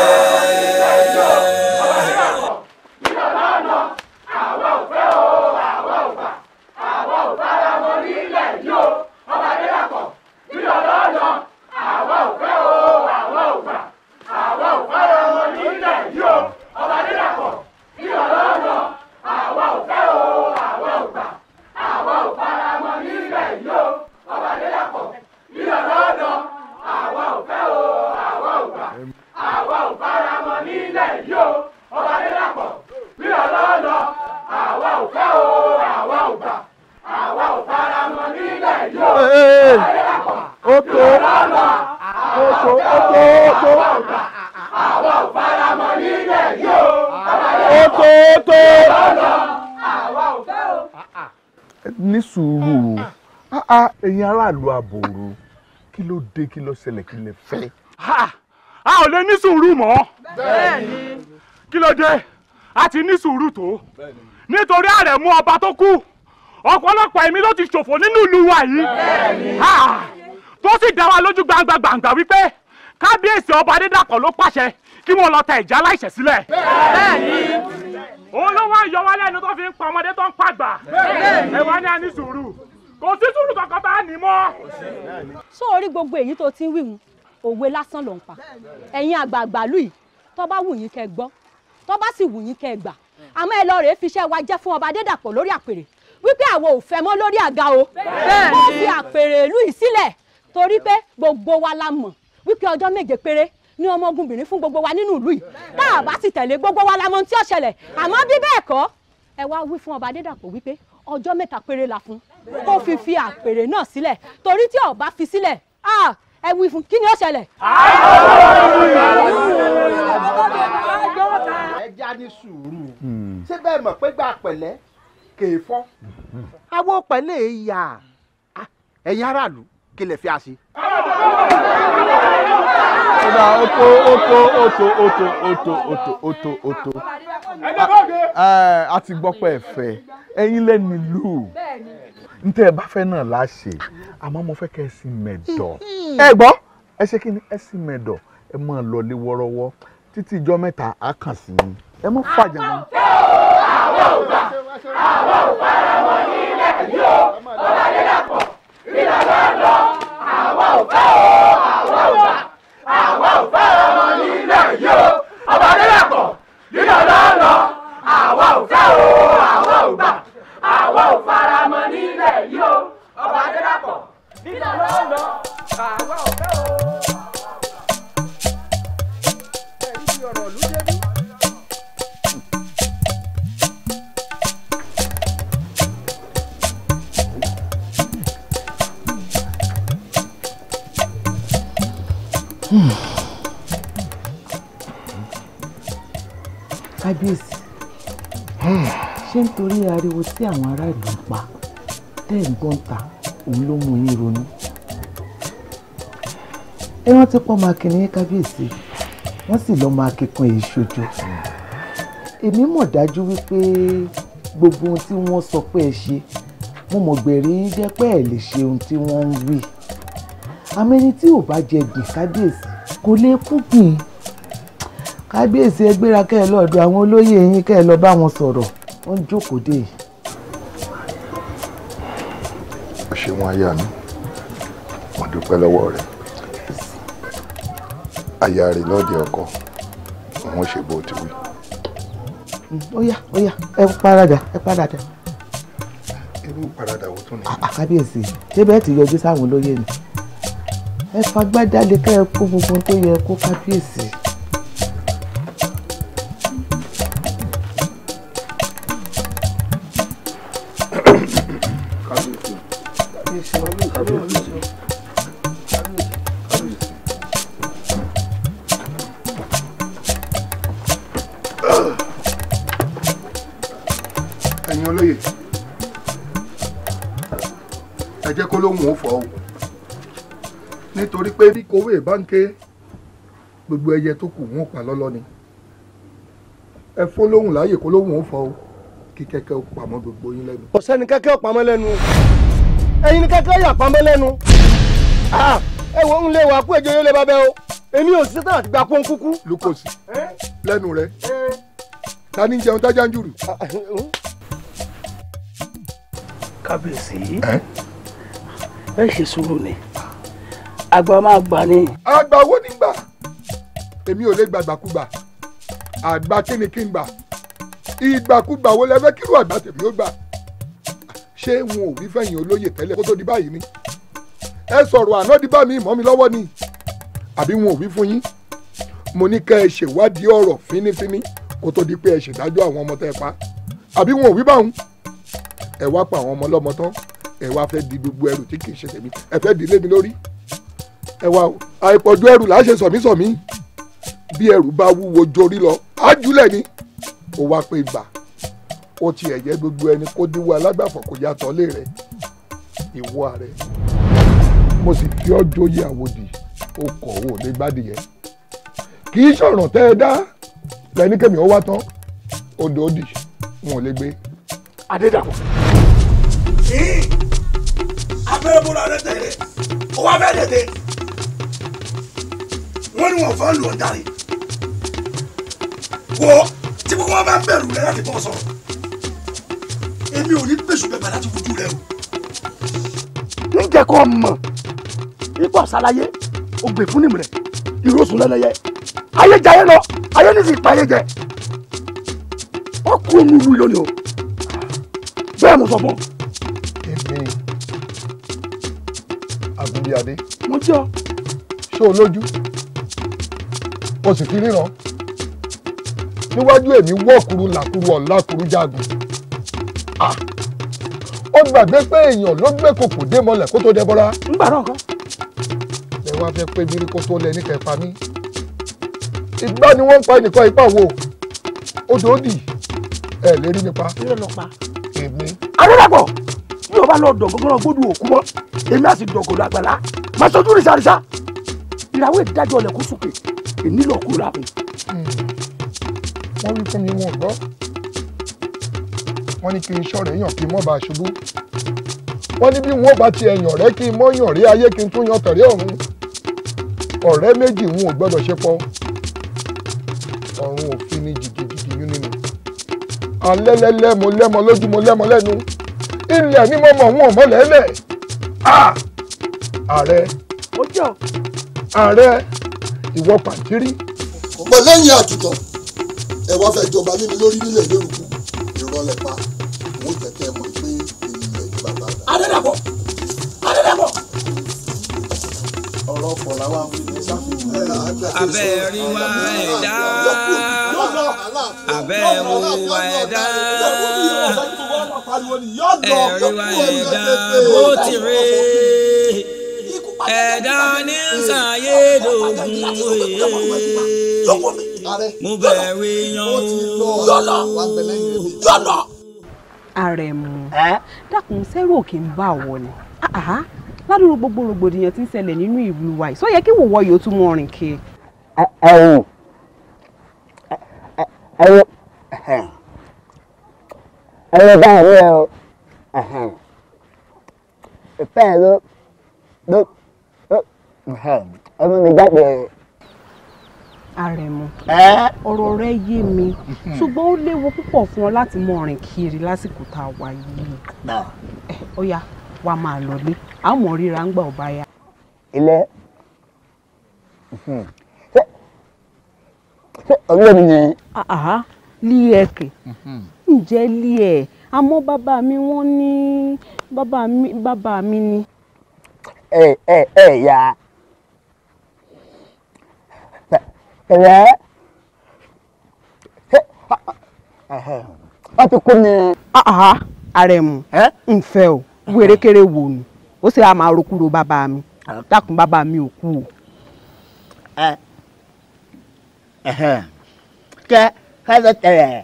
oto oto oto oto àwọn ò fara mọ́ nílẹ̀ yìí o. oto oto àwọn ò fẹ́ o. ní sùúrù ẹ̀yin aráàlú àbòrò kí ló dé kí ló ṣẹlẹ̀ kí lè fẹ́. a ò lè ní sùúrù mọ́ kí ló dé a ti ní sùúrù tó nítorí àrẹ̀mú ọba tó kú ọ̀pọ̀lọpọ̀ ẹ̀mí ló ti ṣòfò nínú ìlú wa yìí tó sì dá wa lójú gbangba gbangba wípé kábíyèsí ọba adédàpọ̀ ló pàṣẹ kí wọ́n lọ ta ìjà aláìṣẹ̀ sílẹ̀. bẹ́ẹ̀ni. olówó ayọ̀ wa lẹ́nu tó fi ń pa ọmọdé tó ń pàgbà. ẹ wá ní àní sùúrù kò sí sùúrù kankan tá a nì mọ́. sọ orí gbogbo èyí tó ti ń wíwun òwe lásán ló ń pa ẹ̀yin àgbààgbà lù yìí tó bá wù yín kẹ́ gbọ́ tó sì wù yín kẹ́ gbà àmọ́ ẹ lọ rèé fiṣẹ́ wa jẹ́ fún ọba adédàpọ̀ lórí àpèrè wípé àwọn ò fẹ́ mọ́ lórí àga o. ó fi àpèrè ìlú yìí sílẹ̀ torí pé gbogbo wa la mọ̀ wípé ọjọ́ méje péré ní ọmọ fún gbogbo wa nínú ìlú yìí tá a bá sì tẹ̀lé gbogbo wa la mọ̀ tí ó ṣẹlẹ̀ àmọ́ bí bẹ́ẹ̀ kọ́ ẹ wá wí fún ọba adédàpọ̀ wípé ọjọ́ mẹ́ta péré la fún kó fi fi àpèrè náà sílẹ̀ torí tí ọba fi sílẹ̀ ẹ wí fún kí ni ó ṣẹlẹ̀. ẹ já ní sùúrù hmm. ṣé bẹ́ẹ̀ mọ̀ pé gbà pẹ̀lẹ́ kèé fọ́. àwọn pẹ̀lẹ́ yà ẹ̀yin aráàlú kí lè fi àṣì. ọ̀dà oto oto oto oto oto oto oto oto a ti gbọ́ pé ẹ ẹ̀yin lẹ́nu bá fẹ́ náà láṣẹ àmọ́ mo fẹ́ kẹ́ ẹ sì ẹ gbọ́ ẹ ṣe kí ni ẹ sì ẹ máa lọ wọ́rọ́wọ́ títí ijọ́ mẹ́ta á kàn sí i ẹ fàjà mọ́. àwọn ò gbà àwọn àwọn àwa lọ àwa ò fẹ́ o àwa ò gbà àwa ò fẹ́ ọmọ nílẹ̀ yìí o ọba adélàpọ̀ lílọ lọ́ọ́ lọ àwa ò fẹ́ o àwa ò gbà àwa ò fà kábíyèsí ṣé nítorí ariwo tí àwọn aráàlú ń pa tẹ́ ẹ̀ ń gbọ́n ta òun ló mú yín ronú ẹ rántí pọ́ máa kí ní kábíyèsí wọ́n sì lọ́ọ́ máa kíkan èyí ṣojú èmi mọ̀ dájú wípé gbogbo ohun tí wọ́n sọ pé ẹ ṣe mo mọ̀ jẹ́ pé ẹ lè ṣe ohun tí wọ́n ń wí amẹni tí ò bá jẹ gbìn kábíyèsí kò lè kú gbìn kábíyèsí ẹ gbéra kẹ́ ẹ lọ́ọ̀dọ̀ àwọn olóyè yín kẹ́ ẹ lọ bá wọn sọ̀rọ̀ wọ́n ń jókòó dé. ó ṣe wọn aya mi mo dúpẹ́ lọ́wọ́ rẹ̀ aya rẹ̀ lọ́ọ̀dẹ̀ ọkọ òun ṣe bó ti wí. Mm, ó yá ó yá ẹ paradà ẹ paradà. irú paradà wo tún ni. àkàbíyèsí ah, ah, ṣé bẹ́ẹ̀ ti yọjú sáwọn olóyè ni ẹ fagbádá lè kẹ́ ẹ kó gbogbo tó yẹ kó kábíyèsí. kówé báńkẹ́ gbogbo ẹyẹ tó kù wọn pa lọ́lọ́ ni ẹ fún lóhùn láàyè kó lóhùn ó fọ o kí kẹ́kẹ́ ó pamọ́ gbogbo yín lẹ́nu. kò sẹ́ni kẹ́kẹ́ ó pamọ́ lẹ́nu ẹ̀yin ni kẹ́kẹ́ yà pamọ́ lẹ́nu ẹ wo ń lé wa kú ẹjọ́ yóò lé bá o èmi ò sí sẹ́tàn àti gba pọ́n kúkú. lukosi lẹ́nu rẹ̀ ta ni jẹun tájà ń jùrù. kábíyèsí ẹ ṣe sùúrù ni àgbà máa gbà ni. àgbà owó ni gbà èmi ò lè gbàgbàkúgbà àgbà kí ni kí n gbà ìgbàkúgbà wo lẹ fẹ́ kírú àgbà tèmi ó gbà ṣé wọn ò wí fẹ̀yìn olóyè tẹ́lẹ̀ kó tó di báyìí ni ẹ sọ̀rọ̀ àná di bá mi mọ́ mi lọ́wọ́ ni àbí wọn ò wí fún yín mo ní kẹ́ ẹ ṣèwádìí ọ̀rọ̀ fínífíní kó tó di pé ẹ ṣèdájọ́ àwọn ọmọ tẹ́ pa àbí wọn ò wí báwọn ẹ wá pa àwọn ọmọ ọlọ́mọ tán ẹ wá fẹ́ di gbogbo ẹrù tí kì í ṣe tèmi ẹ fẹ́ di lé mi lórí ẹ wá o àìpọ̀jù ẹrù là á ṣe sọ̀mísọ̀mí bí ẹrù bá wúwo jorí lọ á ni ó wá pé gbà ó ti ẹ̀yẹ́ gbogbo ẹni kó díwọ́ alágbàfọ̀ kò yàtọ̀ lé rẹ̀ ìwọ ààrẹ mo sì fi ọ́ joyè àwòdì ó kọ̀ ọ́ lè gbádìyẹ kì í ṣọ̀ràn tẹ́ ẹ dá lẹ́ni kẹ́mi ó wá tán odò òdì wọn ò lè gbé. adédàpọ̀. abẹ́rẹ́ bọ́lá rẹ tẹ̀lé ó wá bẹ́ẹ̀ tẹ̀lé wọ́n ní wọn fà ń lò ó dáre wọ́ tí gbogbo wọn bá bẹ̀rù rẹ láti bọ́ sọ̀rọ̀ èmi ò ní bẹ̀sù bẹ̀bà láti wojú rẹ o. níjẹ́ kó mọ̀ ipò àṣàlàyé ògbè fún nìmùrẹ̀ ìrosùn lẹ́nu yẹ ayéjayé lọ ayé ní sì payé jẹ ọkùnrin ní ìlú ìlónìí o bẹ́ẹ̀ mo sọ fún ọ. èmi Àgúnbíadé. mo jẹ́ ọ. ṣé o lójú mo sì fi ríran níwájú èmi wọ́ọ̀kúrú làkúrú ọ̀làkúrú jágùn ó gbàgbé pé èèyàn ló gbé kòkò dé mọ́lẹ̀ kó tó dẹ bọ́ra. ń gbàrọ̀ kan. lẹ wá fẹ́ pé mírí kó tó lẹ ní kẹfà mi ìgbà ni wọ́n ń pa ẹnìkan ipa wo odò ó dì ẹ lè rí nípa. ilé lọ pa. èmi. adúlápọ̀ bí o bá lọ dọ̀ gbọ́dọ̀ gbọ́dọ̀ òkú mọ́ èmi á sì dọ̀gọ̀dọ̀ àgbàlá màá sojú rìsàrìsà ìràwọ̀ ìdájọ́ ọ̀lẹ̀kùn sùkè èmi lọ kúra mi. wọ́n wí fún mi wọn gbọ́ wọ́n ní kí n ṣọ̀rẹ́ yàn kí mọ́ bá a ṣubú wọ́n ní bí wọ́n bá ti ẹ̀yàn rẹ́ kí mọ́ yàn rí ayé kí n tún yan tẹ̀rẹ́ ọ̀run ọ̀rẹ́ méjì wọn ò gbọ́dọ̀ ṣe pọ̀ ọ̀run òfin ni jìgìjìgì yún nínú alẹ́lẹ́lẹ́ mo lẹ́mọ lójú mo lẹ́mọ lẹ́nu ilẹ̀ ni mo mọ̀ wọn mọ́lẹ́lẹ̀ ah! ààrẹ ààrẹ ìwọ pàǹtírí. mo lẹ́yìn àtúntàn ẹ wá fẹ́ jọba lé mi lórí nílẹ̀ lórúkú ìrọ̀lẹ́ pa mo jẹ́ kẹ́ mọ̀ pé ilẹ̀ ni bàbá rẹ̀. adédàbọ̀ adédàbọ̀. ọ̀rọ̀ ọ̀pọ̀ làwọn afẹ́lẹ́ sáfìwé. abẹ́ ríwá ẹ̀dá abẹ́ wúwa ẹ̀dá ẹ̀ríwá ẹ̀dá bó ti rí ẹ̀dá ní sàyé lògùn òye mo bẹ̀rù yan ooo. àrẹ̀mú dákun sẹ́rù òkè ń bá ọ̀wọ́ ni ládùúgbò gbogbo rògbòdìyàn tí ń ṣẹlẹ̀ nínú ìlú wa yìí sóyẹ kí wòwọ́ yìí ó tún mọ ọrìn kiri. ẹ̀wọ̀n ẹ̀wọ̀n ẹ̀wọ̀n báyìí ni ẹ̀wọ̀n ìfẹ́ ẹ̀ ló ló. ọmọ mi jáde. Àrẹ̀mú ọ̀rọ̀ rẹ yé mi hmm. ṣùgbọ́n ó léwu púpọ̀ fún ọ láti mọ rìn kiri lásìkò tá a wà yìí. ó yá wàá máa lọ lé àmọ́ ríra ń gbà ọba ya. ilé hmm. ṣé ọ̀rẹ́ mi yẹn. lí ẹ kè ǹjẹ́ lí ẹ àmọ́ bàbá mi wọ́n ní bàbá mi ni. ẹ ẹ ẹ yá. ẹ̀rẹ́ wọ́n ti kú ni. àrẹ̀mú nfẹ́ o wérékéré wò ni ó sì á máa rokúro bàbá mi dákun bàbá mi ò kú o. kẹ́ ká lọ tẹ̀lẹ̀.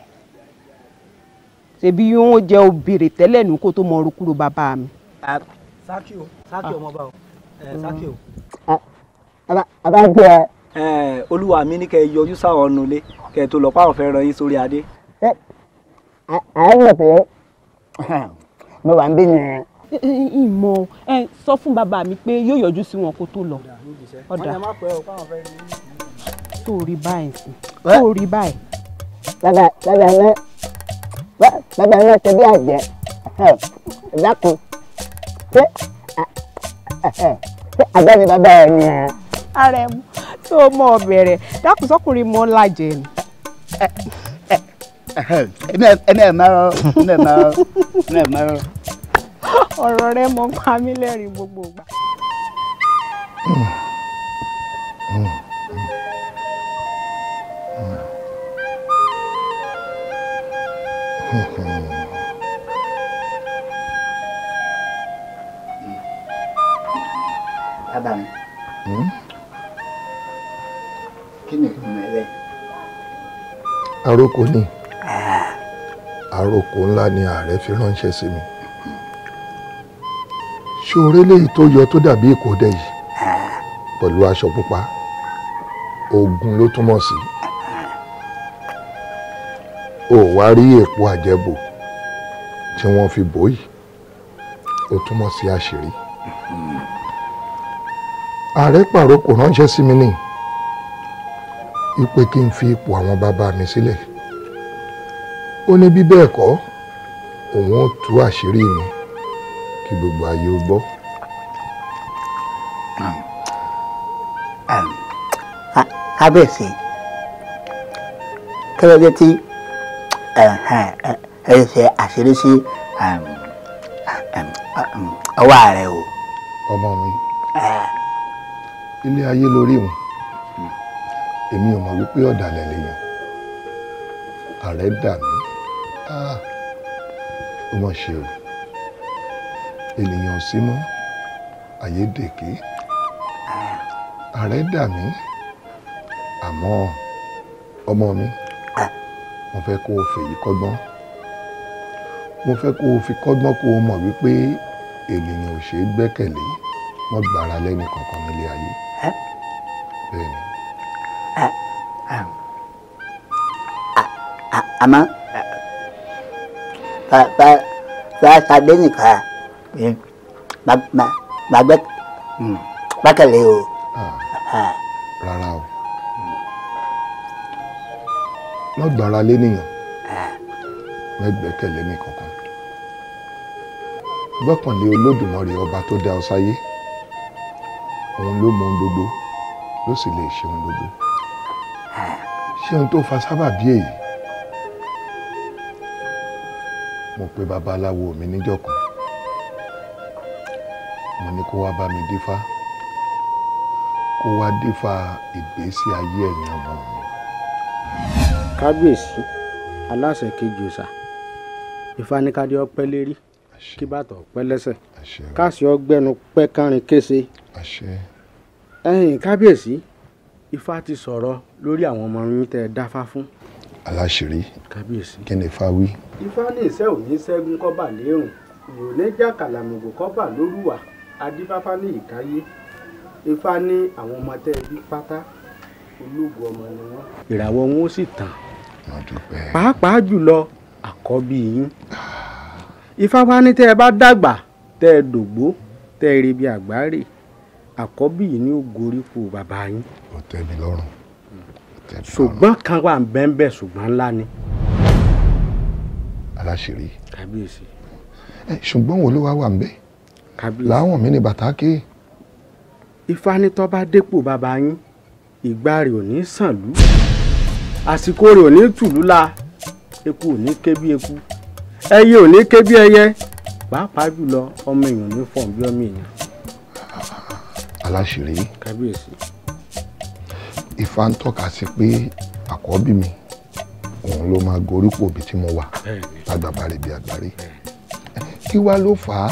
ṣèbí yóò jẹ́ obìnrin tẹ́lẹ̀ nù kó tó mọ rokúro bàbá mi. sákì o sákì o mo bá o sákì o. àbájọ ẹ. Eh, olúwa mi ní kẹ́ ẹ yọjú sáwọn ọ̀nà ilé kẹ́ ẹ tó lọ páwọn fẹ́ ran yín sórí adé. Eh, ẹ à ń rò pé [laughs] mo wà ń bí yẹn. ìmọ̀ ẹ sọ fún bàbá mi pé yóò yọjú sí wọn kó tó lọ. ọ̀dà tó rí báyìí sí eh? tó rí báyìí. bàbá bàbá náà bàbá náà ṣe bí àjẹ́ dákun ṣé àjẹ́ ni bàbá ẹ ni ara ẹ mu tó mọ bẹ̀rẹ̀ dákun sọkùnrin mọ lajẹ ni. ẹmẹ ẹ máa rọ ẹmẹ ẹ máa rọ ẹmẹ ẹ máa rọ. ọ̀rọ̀ rẹ mọ pa mí lẹ́rìn gbogbo ìgbà. Mm-hmm. àrokò ni àrokò ńlá ni ààrẹ fi ránṣẹ́ sí mi ṣòro eléyìí tó yọ tó dàbí ìkódẹ yìí pẹ̀lú aṣọ pupa ogun ló túmọ̀ sí ò wá rí èpo àjẹbò tí wọ́n fi bò yìí ó túmọ̀ sí àṣírí ààrẹ pàrokò ránṣẹ́ sí mi nìyí wípé kí n fi ipò àwọn bàbá mi sílẹ̀ ó ní bí bẹ́ẹ̀ kọ́ òun ó tú àṣírí mi kí gbogbo ayé ó gbọ́. abẹ́sì kẹ́lẹ́dẹ́ tí ẹ ṣe àṣírí sí ọwọ́ rẹ o. ọmọ mi ilé ayé lórí wọn èmi ò mọ̀ wípé ọ̀dàlẹ̀ lèèyàn ààrẹ dà mí ah, ó mọ̀ ṣe o ènìyàn ò sí mọ́ àyédèké ààrẹ dà mí àmọ́ ọmọ mi mo fẹ́ kó o fèyí kọ́gbọ́n mo fẹ́ kó o fi kọ́gbọ́n kó o mọ̀ wípé ènìyàn ò ṣeé gbẹ́kẹ̀lé mọ́ gbára lẹ́ni kankan nílé ayé. àmọ́ fàṣàdé nìkan màgbẹ́ bákẹ́lẹ́ o. Ah. Ah. rárá o lọ́gbàrá lé nìyàn ah. mẹ́gbẹ́kẹ̀lé nìkankan gbọ́kànlé olódùmarè ọba tó dá ọ sáyé òun ló mọ ohun gbogbo ló sì lè ṣe ohun gbogbo ṣé ohun tó fa sábàbí èyí pe babaláwo mi níjọ́ kan mo ní kó wá bá mi dífá kó wá dífá ìgbésí ayé ẹ̀yìn ọmọ mi. kábíyèsí aláṣẹ kejì ọ̀sà ìfanikadé ọpẹ́ lérí kí bàtọ̀ ọpẹ́ lẹ́sẹ̀ káàsì ọgbẹ́nu pẹ́ kárin kése. ẹ̀yin kábíyèsí ifá ti sọ̀rọ̀ lórí àwọn ọmọ yín tẹ́ ẹ dáfá fún aláṣìírí kí ni ifá wí. ifá ní ìṣe òní ṣẹ́gun kọ́bà léèrùn ìrònẹ́jà kàlàmùgò kọ́bà lórúwà adífáfá ní ìkáyé ifá ní àwọn ọmọ tẹ́ ẹbí pátá ológun ọmọ ni wọ́n. ìràwọ̀ wọn ó sì tàn pàápàá jùlọ àkọ́bí yín ifá wá ní tẹ́ ẹ bá dàgbà tẹ́ ẹ dògbó tẹ́ ẹ rebi àgbáre àkọ́bí yìí ni ó gorí kù bàbá yín. ó tẹ́ mi lọ́rùn ṣùgbọ́n kan wà bẹ́ẹ̀ ṣùgbọ́n ńlá ni. aláṣìírí. kábíyèsí. ẹ ṣùgbọ́n wo ló wá wà ń bẹ́ẹ̀. kábíyèsí. láwọn mi ni bàtà ké. ifá ní tó bá dépò bàbá yín ìgbà rẹ̀ ò ní sànlú àsìkò rẹ̀ ò ní tùlú la eku ò ní ké bí eku ẹyẹ ò ní ké bí ẹyẹ pàápàá jùlọ ọmọ èèyàn ní fọ̀n bí ọmọ èèyàn. aláṣìírí. kábíyèsí ifá ń tọ́ka sí pé àkọ́bí mi òun ló máa gorípò bí tí mo wà lágbàbárè bí àgbáre kí wá ló fà á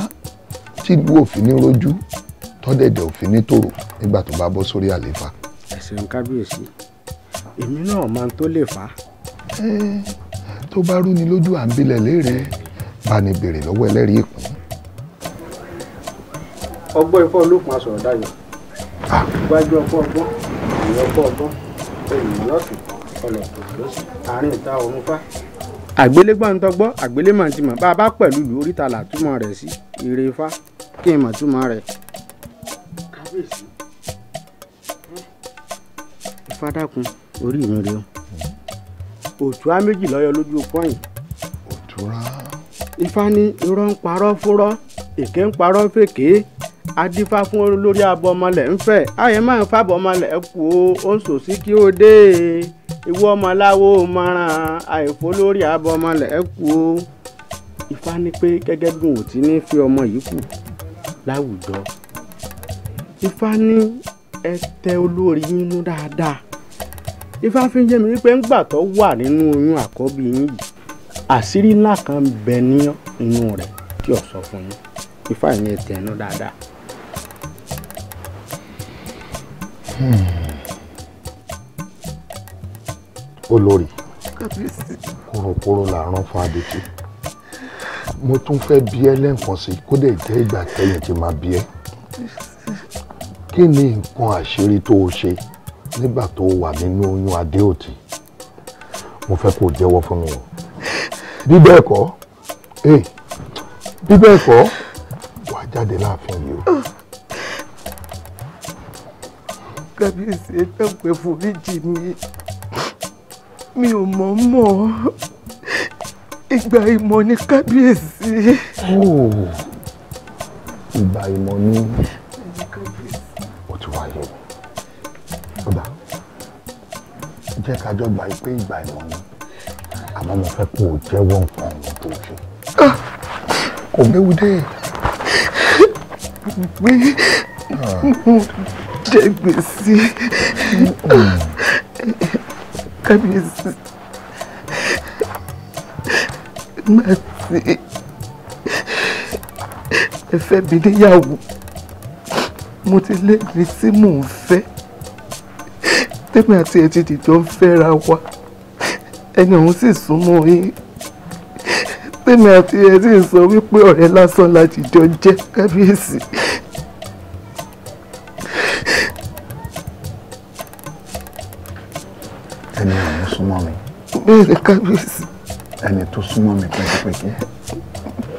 tílùú òfin ní rojú tọ́dẹ̀dẹ̀ òfin ní tòrò nígbà tó bá bọ́ sórí àléfà. ẹ ṣeun kábíyèsí èmi náà máa tó lè fà á. tó bá rú ni lójú à ń bilẹ̀ léèrè bá ní béèrè lọ́wọ́ ẹlẹ́rìí ìpín. ọgbọ́n ifọ̀ olókùn aṣọ̀rọ̀ dayọ̀ gbájú ah. ọgbọ́n ọgbọ́n ọkọ ọgbọ́n ènìyàn lọ́tún ọlọ lọ́sùn àárín ìta ọ̀run fá. àgbélégbọ́n ń tọgbọ́ àgbélémọ̀ ti mọ̀ bá a bá pẹ̀lú ìlú oríta làtúmọ̀ rẹ̀ sí ire ifá kí n mọ̀ túmọ̀ rẹ̀. kábíyèsí ìfádàkùn orí mi rèé o òtúrá méjì lọ́yọ̀ lójú pọ́yìn. ifá ní irọ́ ń parọ́ fúrọ́ èké ń parọ́ fèké adífá fún olórí abọmọlẹ̀ ń fẹ́ ayé máa ń fàbọmọlẹ̀ kú ó ń sòsí kí ó dé ìwọ ọmọláwo mọ́ràn àìfó lórí abọmọlẹ̀ kú ó Ifá ní pé gẹ́gẹ́ bí òun ti ní fi ọmọ yìí kù láwùjọ Ifá ní ẹ tẹ olórí yín nú dáadáa Ifá fi ń yé mi wípé ńgbà tó wà nínú oyún àkọ́bí yín yìí àṣírí ńlá kan bẹ ní inú rẹ̀ tí ò sọ fún yín Ifá ìyẹn tẹ̀ ẹ́ nú dáadáa. Hmm. olórí kòròkòrò là rán fún adití mo tún fẹ́ bí ẹ lẹ́ǹkan sí kó dẹ̀ jẹ́ ìgbà kẹ́yìn tí máa bí ẹ kí ni nǹkan àṣírí tó o ṣe nígbà tó o wà nínú oyún adéòtí mo fẹ́ kó o jẹ́wọ́ fún mi o bí bẹ́ẹ̀ kọ́ eh, bí bẹ́ẹ̀ kọ́ wàá jáde láàfin yìí o kábíyèsí ẹ̀dàpọ̀ ẹ̀foríjì mi mi ò mọ̀ mọ̀ ìgbà ìmọ̀ ni kábíyèsí. ìgbà ìmọ̀ ni ó ti wáyé mi kódà jẹ́ ká jọ gbà pé ìgbà ìmọ̀ ni àmọ́ mo fẹ́ kó o jẹ́wọ́ nǹkan ọ̀hún tó ṣe ah! kò méwu dé. pé ah. mo jẹ gbèsè kábíyèsí má ti ẹfẹ mi níyàwó mo ti lẹ́rìí tí mò ń fẹ́ tẹ́mi àti ẹ̀jẹ̀ dìjọ́ ń fẹ́ra wa ẹni òun sì súnmọ́ yín tẹ́mi àti ẹ̀jẹ̀ sọ wípé ọ̀rẹ́ lásán la jìjọ jẹ́ kábíyèsí. ẹni ọ̀hún súnmọ́ mi. bẹ́ẹ̀ni kábíyèsí. ẹni tó súnmọ́ mi pẹ́kípẹ́kí.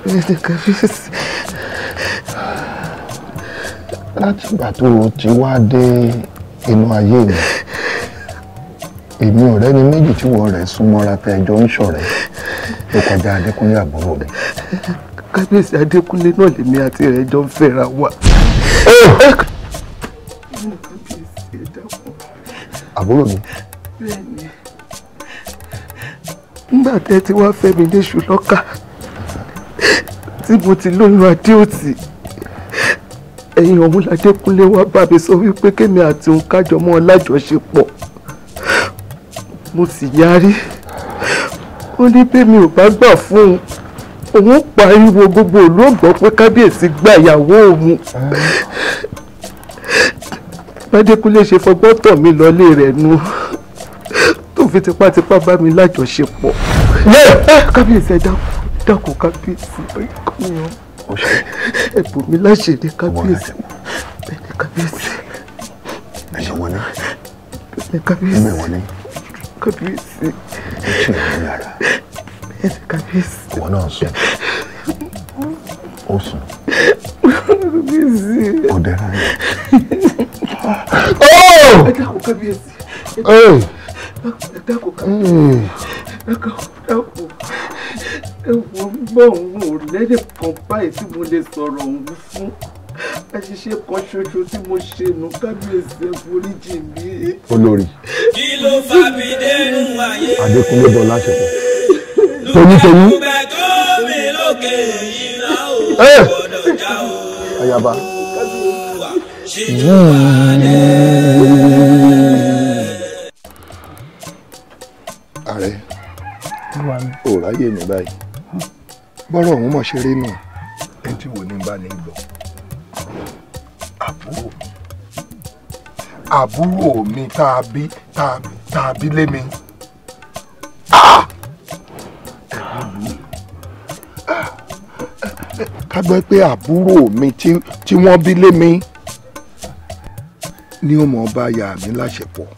bẹ́ẹ̀ni kábíyèsí. láti ìgbà tó o ti wá dé inú ayé mi èmi ọ̀rẹ́ ni méjì tí wọ́n rẹ̀ súnmọ́ra tẹ ẹjọ́ ń ṣọ̀rẹ́ ló kọjá adékúnlé àbúrò mi. kábíyèsí adékúnlé náà lèmi àti rẹ̀ jọ ń fẹ́ra wa. àbúrò mi nígbà tẹ́ ti wá fẹ́ mi léṣù lọ́kà tí mo ti lóyún adéòtì ẹ̀yin ọ̀hún ládékúnlé wá bá mi sọ wípé kémi àti òun kájọ mọ́ ọ lájọṣepọ̀ mo sì yarí ó ní bẹ́mi ò bá gbà fún un òun pariwo gbogbo ìlú ọ̀gbọ́n pé kábíyèsí gba ìyàwó òun ládékúnlé ṣe fọgbọ́n tọ̀ mí lọlé rẹ̀ nu. No tó fi tipátipá bá mi lájọṣepọ̀. Ah, kábíyèsí ẹ dákun kábíyèsí báyìí kàn yàn ẹ bò mí láṣìírí kábíyèsí bẹ́ẹ̀ ni kábíyèsí. ẹ̀yìn wọn ni. bẹ́ẹ̀ ni kábíyèsí. ẹ̀mí wọn ni. kábíyèsí. ẹ̀jẹ̀ wọn yàrá. bẹ́ẹ̀ ni kábíyèsí. ìwọ náà sùn. ó sùn. kábíyèsí. ó dẹ́rẹ́ rẹ̀. ó. ẹ dákun kábíyèsí dákò dákò gbọ́ òun ò lẹ́yìn kan báyìí tí mo lè sọ̀rọ̀ òun fún àṣìṣe kan ṣoṣo tí mo ṣe nù kábíyèsí ẹ̀fọ́ríjì mi. olórí. kí ló fà mí dẹnu ayé. adékúnlé bọ̀ láṣẹ pọ̀. tonítoní. tó mi lókè yìí náà ò gbọdọ̀ já o. ayaba. yìí wà ní. wà ní. ò ráyè mi báyìí bọ́rọ̀ òun mọ̀ ṣeré nù ẹ ti wò ní bá ní lọ àbúrò mi àbúrò mi tá a bí tá a bí lé mi ah! ká gbọ́ pé àbúrò mi tí wọ́n bí lé mi ni ó mọ̀ bá yà mí láṣepọ̀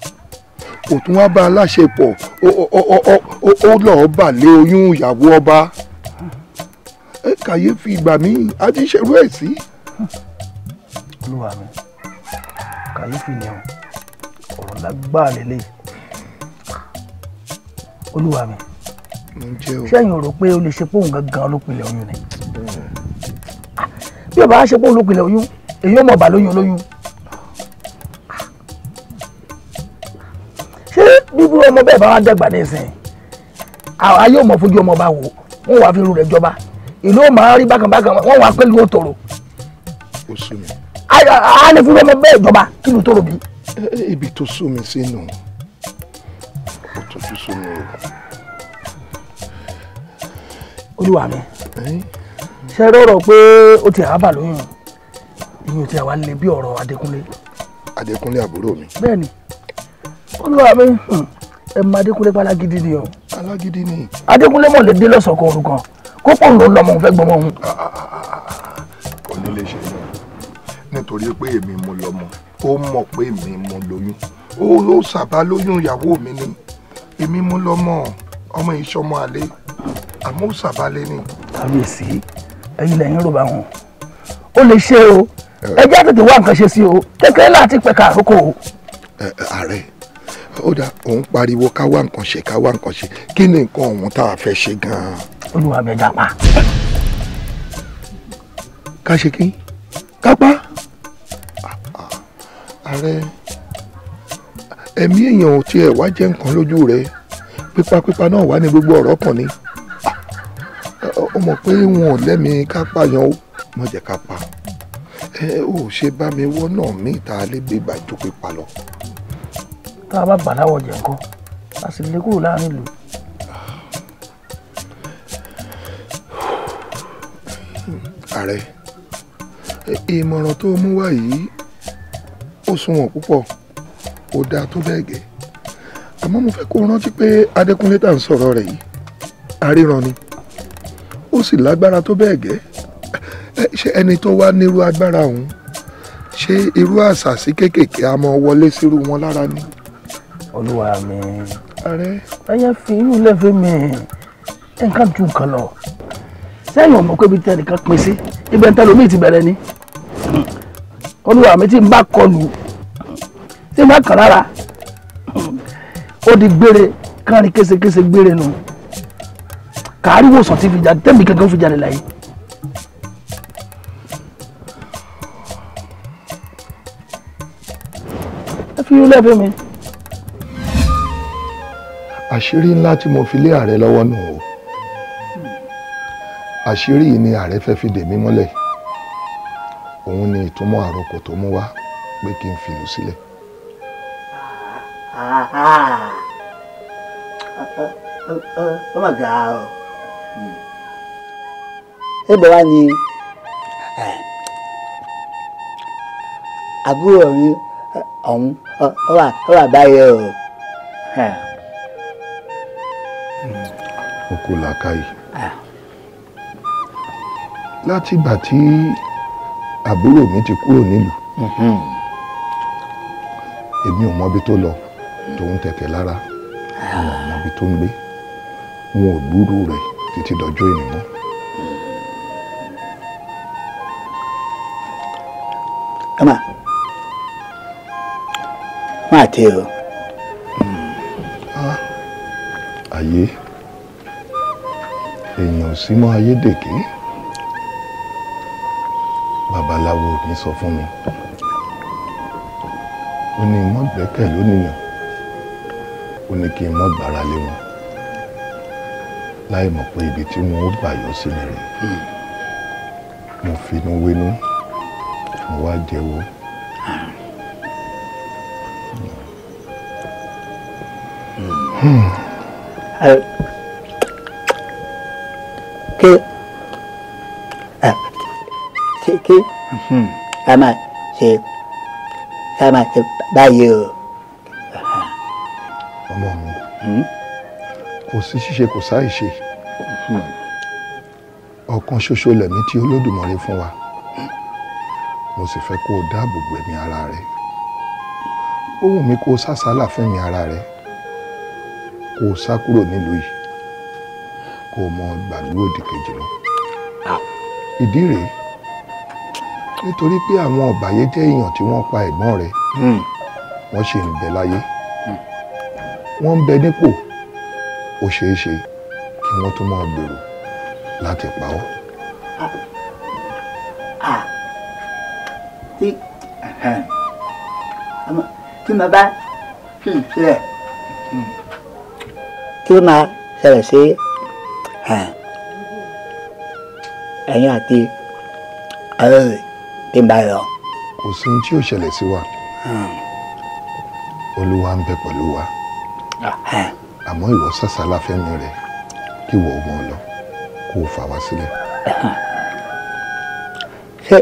kò tún wá bá aláṣepọ̀ ó lọ́ọ́ bà lé oyún ìyàwó ọba ẹ kàyéfì ìgbà mi a ti ṣerú ẹ̀ sí. olúwa mi kàyéfì ni ọ̀rọ̀ lágbáà lélẹ̀ olúwa mi sẹ́yìn rò pé o lè ṣe póun gangan olópinlẹ̀ oyún ni ah, bí ọba á ṣe póun olópinlẹ̀ oyún èyí ó mọ̀ bá lóyún olóyún. bíbí ọmọ bẹ́ẹ̀ bá wá dàgbà nísìn àwa yóò mọ fojú ọmọ bá wò wọn wàá fi irú rẹ̀ jọba ìlú ò máa rí bákan bákan wọn wàá pẹ̀lú òtòrò. ó sú mi. a ní fún ọmọ bẹ́ẹ̀ jọba kí ló tóró bí. ibi tó sú mi sí nù ó tójú sú mi o. olúwa mi ṣe rọrọ pé ó ti àbá lóyún ìyẹn ò ti àwa lè bí ọ̀rọ̀ Adékúnlé. Adékúnlé àbúrò mi. bẹ́ẹ̀ni olúwa mi hmm. ẹ mọ adékúnlé pa alágídí ni o. alágídí ni. adékúnlé mọ̀lẹ́ dé lọ́sàn kan orúkọ kó pò ń lọ lọmọ òun fẹ́ gbọmọ òun. kò ní lè ṣe yẹn nítorí pé èmi mo lọmọ ó mọ̀ pé èmi mo lóyún ó sábà lóyún ìyàwó mi ni èmi mo lọmọ ọmọ ìṣọmọ àlè àmọ́ ó sábà lé ni. kábíyèsí ẹ̀yin lẹ́yìn rò bá wọn ó lè ṣe o eh. ẹ jẹ́ àtètè wá nǹkan ṣe sí o kékeré láti pẹ̀ka àkókò o. Eh, eh, ààrẹ. Uh, uh, ó dà òun pariwo ká wá nǹkan ṣe ká wá nǹkan ṣe kí ni nǹkan ọ̀hún tá a fẹ́ ṣe gan-an. olúwa bẹ dá pa. ká ṣe kí ká pa ààrẹ ẹ̀mí èèyàn ò tiẹ̀ wá jẹ́ nǹkan lójú rẹ pípapípa náà wà ní gbogbo ọ̀rọ̀ kan ni ó mọ̀ pé wọn ò lẹ́mìí ká pààyàn ó mọ̀ jẹ́ ká pa ẹ ò ṣe bá mi wọ́n náà mí ìta lé gbé ìbàjókè pa lọ tá a bá gbà láwọ̀ jẹ̀ ńkọ́ a sì lè kúrò láàrin ìlú. ààrẹ ìmọ̀ràn tó mú wá yìí ó sunwọ̀n púpọ̀ ó dáa tó bẹ́ẹ̀ gẹ́ àmọ́ mo fẹ́ kó rántí pé adékúnlé tá à ń sọ̀rọ̀ rẹ̀ yìí aríran ni ó sì lágbára tó bẹ́ẹ̀ gẹ́ ṣé ẹni tó wá nírú agbára òun ṣé irú àṣàsí kéékèèké a mọ wọlé sírú wọn lára ni olúwa mi ẹyẹ fi irú lẹ́fẹ̀ẹ́ mi nǹkan ju nǹkan lọ sẹ́yìn ọmọ pé ibi tí ẹnìkan pín sí ibi ẹ̀ńtẹ́ lomi ti bẹ̀rẹ̀ ni olúwa mi ti ń bá kọlù tí ń bá kàn lára ó di gbére kárin késekése gbére nu kàárí wòsàn ti fi jáde tẹ́mi kankan fi jáde láyé. ẹ fi irú lẹ́fẹ̀ẹ́ mi àṣírí ńlá tí mo fi lé ààrẹ lọ́wọ́ nù o àṣírí yìí ni ààrẹ fẹ́ fi dè mí mọ́lẹ̀ òun ni ìtumọ̀ àròkọ tó mú wá pé kí n fìlú sílẹ̀. ọmọ gà á o ebe wa ni àbúrò mi ọ̀hún ọ̀wà báyẹ̀ o oko làkàyè. láti ìgbà tí àbúrò mi ti kúrò nílùú mhm. èmi ò mọbi tó lọ tòun tẹ̀tẹ̀ lára wọn ò mọbi tó ń gbé wọn ò gbúrú rẹ̀ títí dọjọ́ ìnìmọ́. kama máa tẹ o. Ah. ayé. Ah, èèyàn ò sí mọ́ ayédèké babaláwo mi sọ fún mi ó ní mọ́ gbẹ́kẹ̀ lónìyàn ó ní kí n mọ́ gbára lé wọn láì mọ̀ pé ibi tí wọn ó gbà yọ sí mi rè hmm. mo finú wínú mo wá jẹ́wọ́. Hmm. hmm. pé hmm. ká máa ṣe ká máa ṣe báyìí o. ọmọ mi hmm? kò sí ṣíṣe kò sáì ṣe hmm. ọ̀kan ṣoṣo lẹ̀mí tí Olódùmarè fún wa mo sì fẹ́ kó o dáàbò bo ẹ̀mí ara rẹ ó wù mí kó o sásàlà fún ẹ̀mí ara rẹ kó o sá kúrò nílùú yìí kó o mọ gbàdúrà òdì lọ ah. ìdí rèé nítorí pé àwọn ọ̀bàyéjẹ́ èèyàn tí wọ́n pa ẹ̀gbọ́n rẹ̀ hmm. wọ́n ṣì ń bẹ láyé hmm. wọ́n ń bẹ nípò ó ṣeé ṣe kí wọ́n tún máa gbèrò láti pa ọ́. Ah, ah. tí mo bá sílẹ̀ kí ló máa ṣẹlẹ̀ sí ẹ̀yin àti ọ̀rẹ́ tí n bá yọ. kò sí ohun tí yóò ṣẹlẹ̀ sí wa hmm. olúwa ń bẹ pẹ̀lú wa ah, eh. àmọ́ ìwọ sàsálà fẹ́mi rẹ kí ìwọ ọgbọ́n lọ kó o fà wá sílẹ̀. Eh. ṣé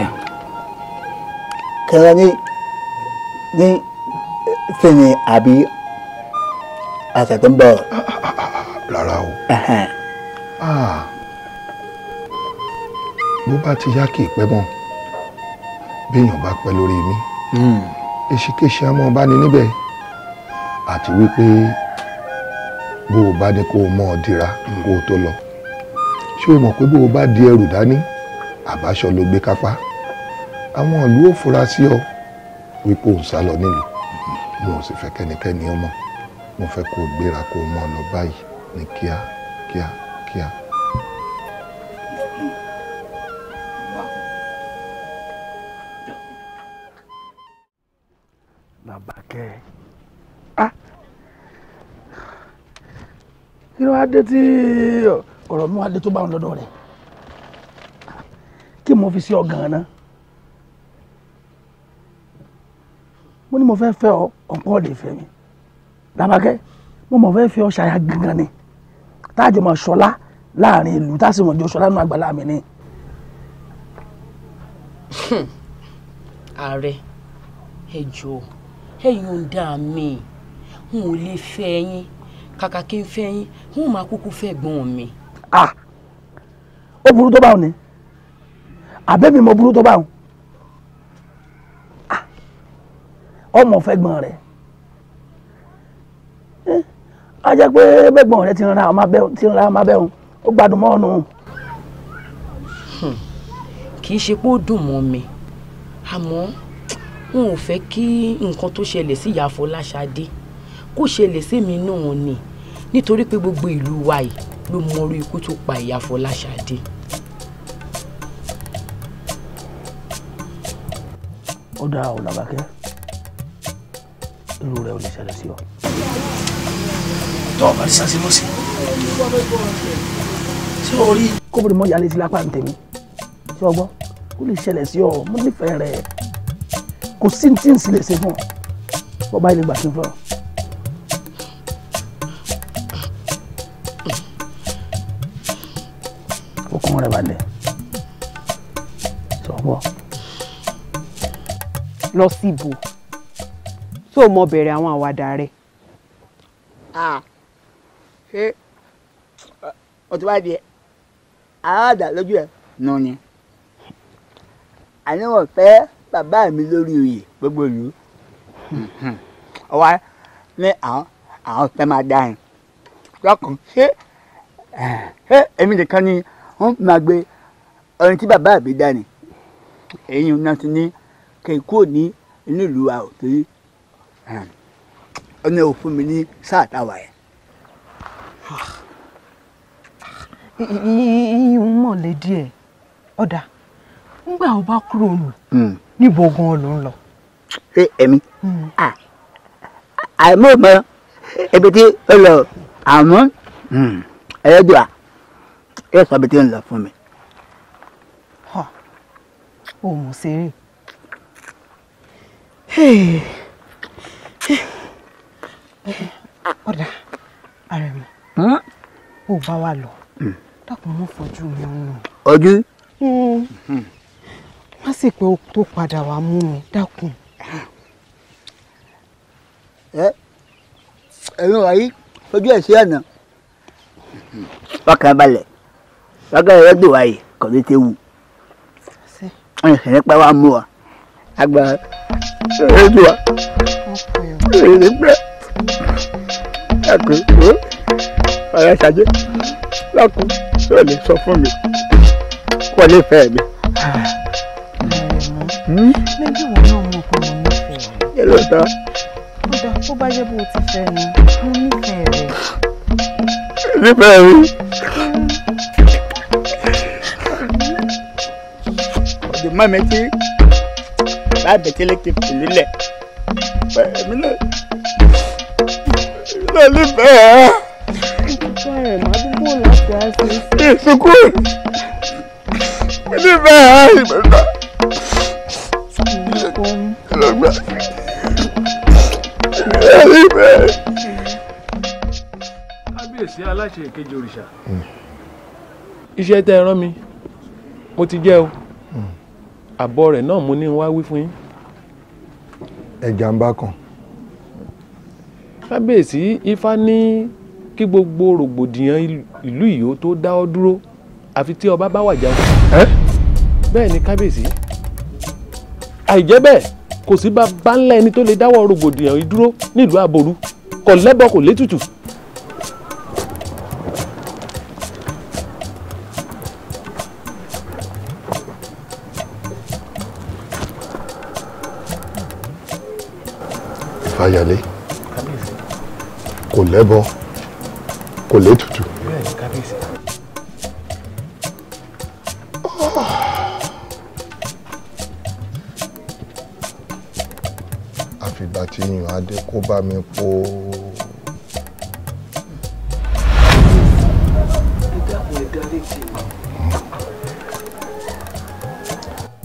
eh, kẹrẹ ní ní sinmi àbí àṣà tó ń bọ̀. Ah, ah, rárá o. bá ti yá kì í pẹ́ mọ́ béèyàn bá pẹ́ lórí mi èsìkéṣe hmm. a máa bá níbẹ̀ àti wípé bó o bá ní kó o mọ̀ ọ́ dira hmm. kó o tó lọ ṣé o mọ̀ pé bó o bá di ẹrù dání àbáṣọ ló gbé kápá àwọn ìlú ò fura sí ọ wípé ò ń sá lọ nílùú mo sì fẹ́ kẹ́nikẹ́ni ọmọ mo fẹ́ kó o gbéra kó o mọ̀ ọ lọ báyìí ní kíá kíá kíá. dé tí ọ̀rọ̀ mi wá dé tó bá wọn lọ́dọ̀ rẹ̀ kí mo fi sí ọ gan-an mo ní mo fẹ́ fẹ́ ọ ọ̀pọ̀ ọ̀dẹ̀ fẹ́ mi làbákẹ́ mo mọ̀ fẹ́ fẹ́ ọ ṣàyà gangan ni táàjọ mọ̀ ṣọlá láàrin ìlú tásìmọ̀ jọ ṣọlá nínú àgbàlá mi ni. Hmm. ààrẹ ẹ jọ̀ọ́ ẹ yọ̀ǹda mi n ò lè fẹ́ yín kàkà kí n fẹ́ yín n ò máa kúkú fẹ́ gbọ́n mi. ah ó burú tó báwọn ni àbẹ́mi mo burú tó báwọn ọmọ fẹ́ gbọ́n rẹ̀ a jẹ́ pé bẹ́gbọ́n rẹ̀ ti ń ra ọmọ abẹ́ òun ó gbádùn mọ́ ọ̀nù. kì í ṣe pé ó dùn mọ́ mi àmọ́ n ò fẹ́ kí nǹkan tó ṣẹlẹ̀ sí ìyá Fọláṣadé kó ṣẹlẹ̀ sẹ́mi náà ni nítorí pé gbogbo ìlú wa yìí ló mọ orí ikú tó pa ìyá Fọláṣadé. ó dáa ò làbákẹ́ irú rẹ ò lè ṣẹlẹ̀ sí ọ. tọ́ ọ̀bà ti ṣàṣemọ́sẹ̀. ṣé o rí. kóbìnrin mọ́ ìyáálé ti lápá ń tẹ̀mí ṣé o gbọ́ ó lè ṣẹlẹ̀ sí ọ mo nífẹ̀ẹ́ rẹ kò sí ní tí ń sì lè ṣe fún ọ bọ́ báyìí lè gbà kí fún ọ. ọkàn rẹ̀ balẹ̀ sọ̀wọ́. lọ sí ibo tó o mọ bẹ̀rẹ̀ àwọn àwàdà rẹ̀. ṣé ọtí wá di ẹ aláàdá lójú ẹ nù ni àní wọn fẹ́ bàbá mi lórí oyè gbogbo ìlú [laughs] ọwọ́ ní àwọn àwọn fẹ́ máa dá yẹn lọ́kàn ṣé èmi nìkan ni wọ́n máa gbé ọrin tí bàbá mi dá ni èyí náà ti ní kí n kúrò ní inú ìlú wa ò torí ọ̀nà ò fún mi ní sáà táwa yẹn. ìyún mọ̀ lé díẹ̀ ọ̀dà ńgbà ó bá kúrò lù hmm. níbo gan-an ló ń lọ. ṣé èmi hmm. àìmọ̀ mọ ebi tí ó lọ àmọ́ hmm, ẹ̀rọ dùn à ẹ sàbí tí ń là fún mi. o mọ̀ sẹ́rìn. ọ̀dà àrẹ̀mọ ò bá wa lọ hmm. dákun mọ́ fojú mi ọ̀nà. ojú. Hmm. Hmm. má sì pé o tó padà wá mú mi dákun. ẹ ẹ̀rọ ayé fojú ẹ̀ sí ọ̀nà ọkàn balẹ̀ wákàtí rẹ dùn wáyé kò ní tẹ́ wù ẹ̀rẹ́ pẹ́ wá mú wa àgbà ẹ̀rẹ́ dùn wá ẹ̀rẹ́ pẹ́ ẹ̀kọ́ ìwé ọ̀rẹ́ ṣáájú lọ́kùn yóò lè sọ fún mi kò ní fẹ́ mi. Ah, méjì hmm? wọn náà mọ pé mo ló tán. kódà bá yẹ bó o ti fẹ́ ni mo nífẹ̀ẹ́ rẹ. nífẹ̀ẹ́ mi. mamɛti b'a bɛtɛlɛ ti fili lɛ mina minali bɛɛ. suku mini bɛɛ ayi bɛ ta. minali bɛɛ. kábíyèsí aláṣẹ ìkejì òrìṣà iṣẹ́ tẹ́ ẹ rán mi mo ti jẹ́ o àbọ̀ rẹ̀ náà mo ní wá wí fún yín. ẹ̀jà ń bá kan. kábíyèsí ifá ní kí gbogbo rògbòdìyàn ìlú ìyó tó dá ọ dúró àfi tí ọba bá wàjà wọ. bẹ́ẹ̀ ni kábíyèsí àìjẹ́ bẹ́ẹ̀ kò sí bá bá ńlá ẹni tó lè dáwọ́ rògbòdìyàn yìí nílùú àbòrú kò lẹ́bọ kò létùtù. lẹ́bọ kò létùtù. àfìgbà tí yìnyín adé kó bá mi po.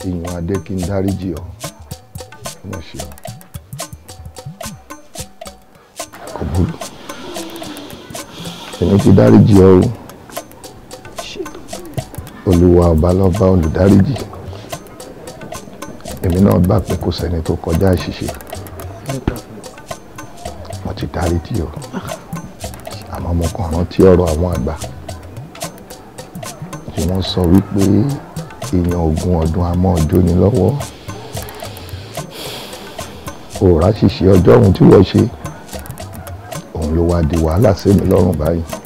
ìyìn adé kí n dáríjì ọ. fi dáríjì ọ o olúwa ọba lọ́ba olùdáríjì èmi náà gbà pé kò sẹ́ni tó kọjá àṣìṣe mo ti dáríjì ọ àmọ́ mo kàn rántí ọ̀rọ̀ àwọn àgbà tí wọ́n sọ wípé èèyàn ogún ọdún amọ́ ọjọ́ ni lọ́wọ́ òòrá ṣìṣe ọjọ́ ohun tí wọ́n ṣe òun ló wá di wàhálà sí mi lọ́rùn báyìí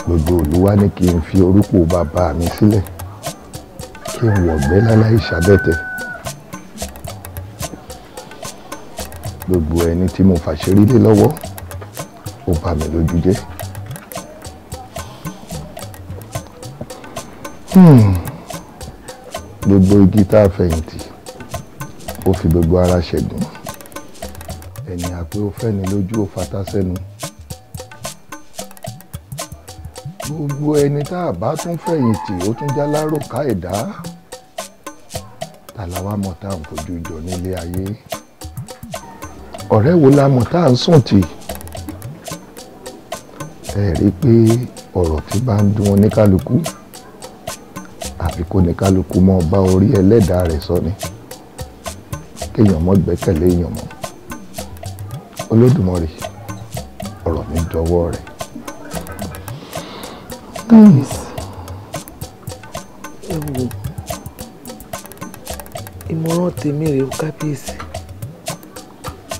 gbogbo olúwa ní kí n fi orúkọ bàbá mi sílẹ̀ kí n wọ̀gbẹ́ láláì ṣàbẹ̀tẹ̀ gbogbo ẹni tí mo fàṣírí lé lọ́wọ́ ó bà mí lójú jẹ́. Hmm. gbogbo igi tá a fẹ̀yìntì ó fi gbogbo ara ṣẹ̀gùn ẹni àpé ó fẹ́ni lójú ó fatá sẹ́nu. gbogbo ẹni tá a bá tún fẹ̀yìntì ó tún já láròká ẹ̀dá ta la wá mọ̀ tá à ń fojú jọ nílé ayé ọ̀rẹ́ wo la mọ̀ tá à ń sùn tì ẹ rí i pé ọ̀rọ̀ tí bá ń dùn oníkálukú àfi kó oníkálukú mọ́ bá orí ẹlẹ́dàá rẹ̀ sọ ni kéèyàn mọ́ gbẹ́kẹ̀lé èèyàn mọ́ Olódùmarè ọ̀rọ̀ mi jọ̀wọ́ rẹ̀ kábíyèsí ẹ wò ìmọ̀ràn tèmi rèé o kábíyèsí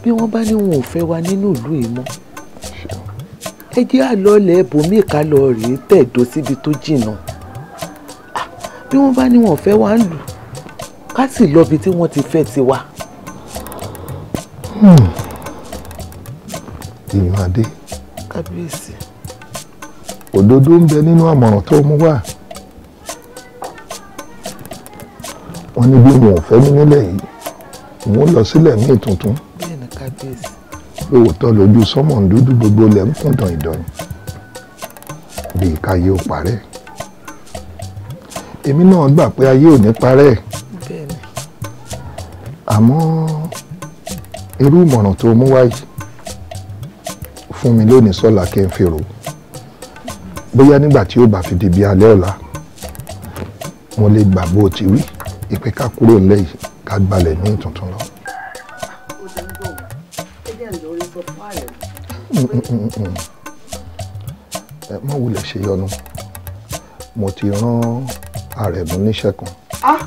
bí wọ́n bá ní wọn ò fẹ́ wa nínú e yìí mọ́ ẹ jẹ́ àlọ́ọ̀lẹ̀ ẹ̀bùnmí ìkálọ̀ rèé tẹ̀dó síbi tó jìnnà ah, bí wọ́n bá ní wọn ò fẹ́ wa ń lù ká sì lọ́bi tí wọ́n ti fẹ́ tiwa. Hmm. ìyọ̀n adé. kábíyèsí òdodo ń bẹ nínú àmọ̀ràn tó mú wá wọn ní bí wọn ò fẹ́ mí nílẹ̀ yìí wọn lọ sílẹ̀ ní ìtuntun lóòótọ́ lójú sọ́mọ̀ ń dúdú gbogbo ilẹ̀ ń kún dàn ìdọ̀yìn bíi káyé ó parẹ́ èmi náà gbà pé ayé ò ní parẹ́ àmọ́ irú ìmọ̀ràn tó mú wáyé fún mi lónìí sọ́la kí n fi rò ó bóyá nígbà tí ó bá fi dìbí alẹ́ ọ̀la wọn lè gbà bó ti wí ìpè ká kúrò ńlẹ̀ yìí ká gbalẹ̀ ní tuntun lọ. ẹ mọ wulẹ̀ ṣe yọnu mo ti rán àrẹ̀mú níṣẹ́ kan ah!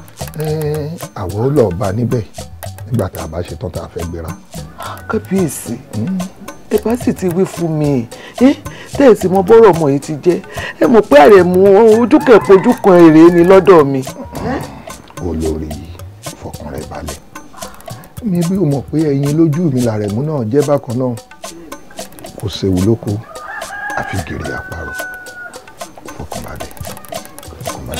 àwọ̀ ó lọ́ọ́ bá níbẹ̀ nígbà tá a bá ṣe tán tá a fẹ́ gbéra. kábíyèsí. Hmm ẹ bá sì ti wí fún mi tẹ́ ẹ̀ sì mọ bọ́rọ̀ ọmọ yìí ti jẹ́ ẹ mọ̀ pé àrẹ̀mú ojúkẹ̀pojú kan èrè ni lọ́dọ̀ mi. olórí fọkàn rẹ balẹ̀ mi bí o mọ̀ pé ẹyin lójú mi làrẹ̀mú náà jẹ́ bákan náà kò séwu lóko àfi gèrè àparò fọkàn balẹ̀ fọkàn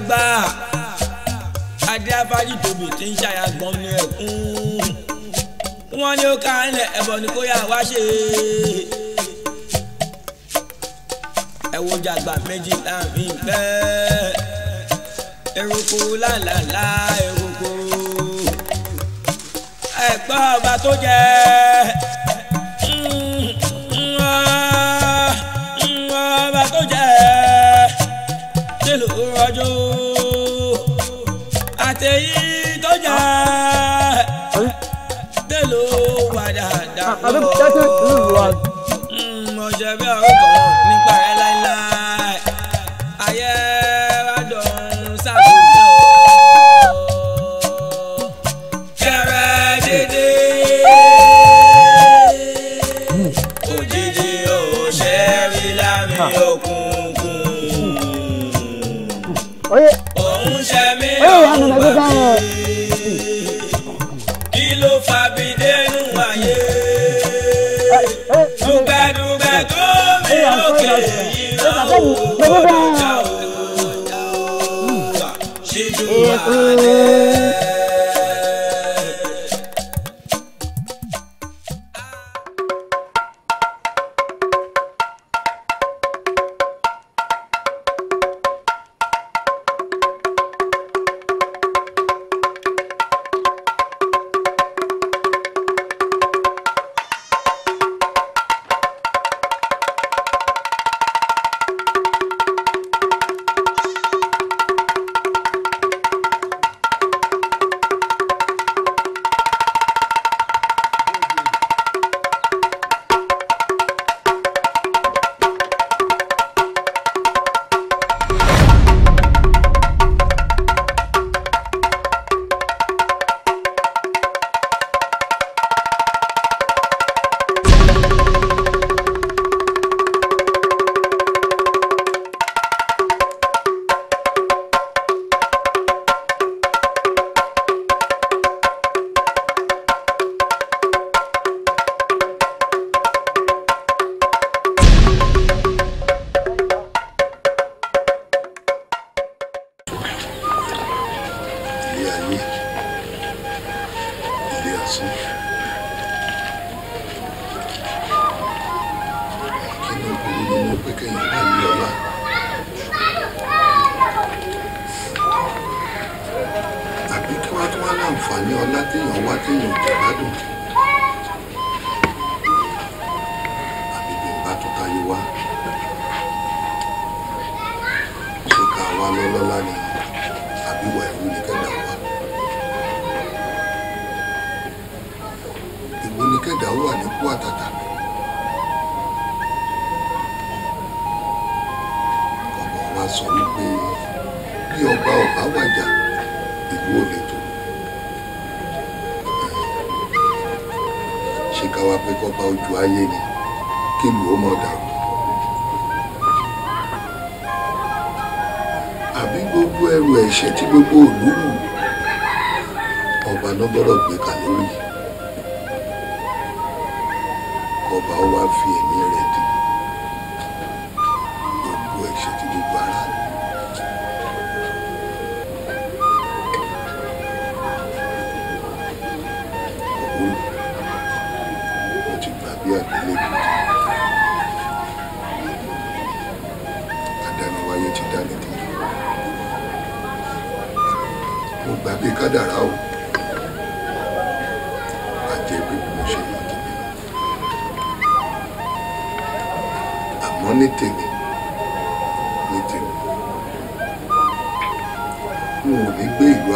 dàgbà adé afájú tóbi tí ń ṣàyà gbọ́n ní ẹ̀kún wọ́n ní ó ká ilẹ̀ ẹ̀bọ̀ ni kó yà wá ṣe ẹ wo jàgbà méjì láàrin bẹ́ẹ̀ eruku lálàlá eruku ẹ̀gbọ́n ọba tó jẹ́. ọjọ́. yá bẹ́ẹ̀ ló wà dáadáa lọ. ọjà fàbídẹ́nu ayé dùgbàdùgbà tó mi òkè yìí lọ́wọ́ ọjà ọjà ṣíjú àdé.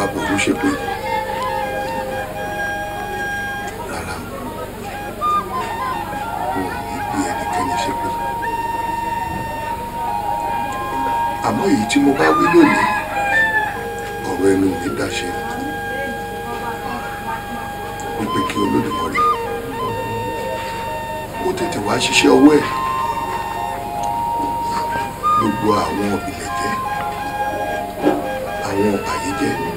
a àbùkù ṣe pé rárá o ní bí ẹnikẹ́ni ṣe pé àmọ́ èyí tí mo bá wí lónìí ọ̀rọ̀ ẹnu mi dáṣe wípé kí Olódùmarè ó tètè wá ṣiṣẹ́ ọwọ́ ẹ̀ gbogbo àwọn ìlẹ̀jẹ̀ àwọn ọ̀bàyéjẹ́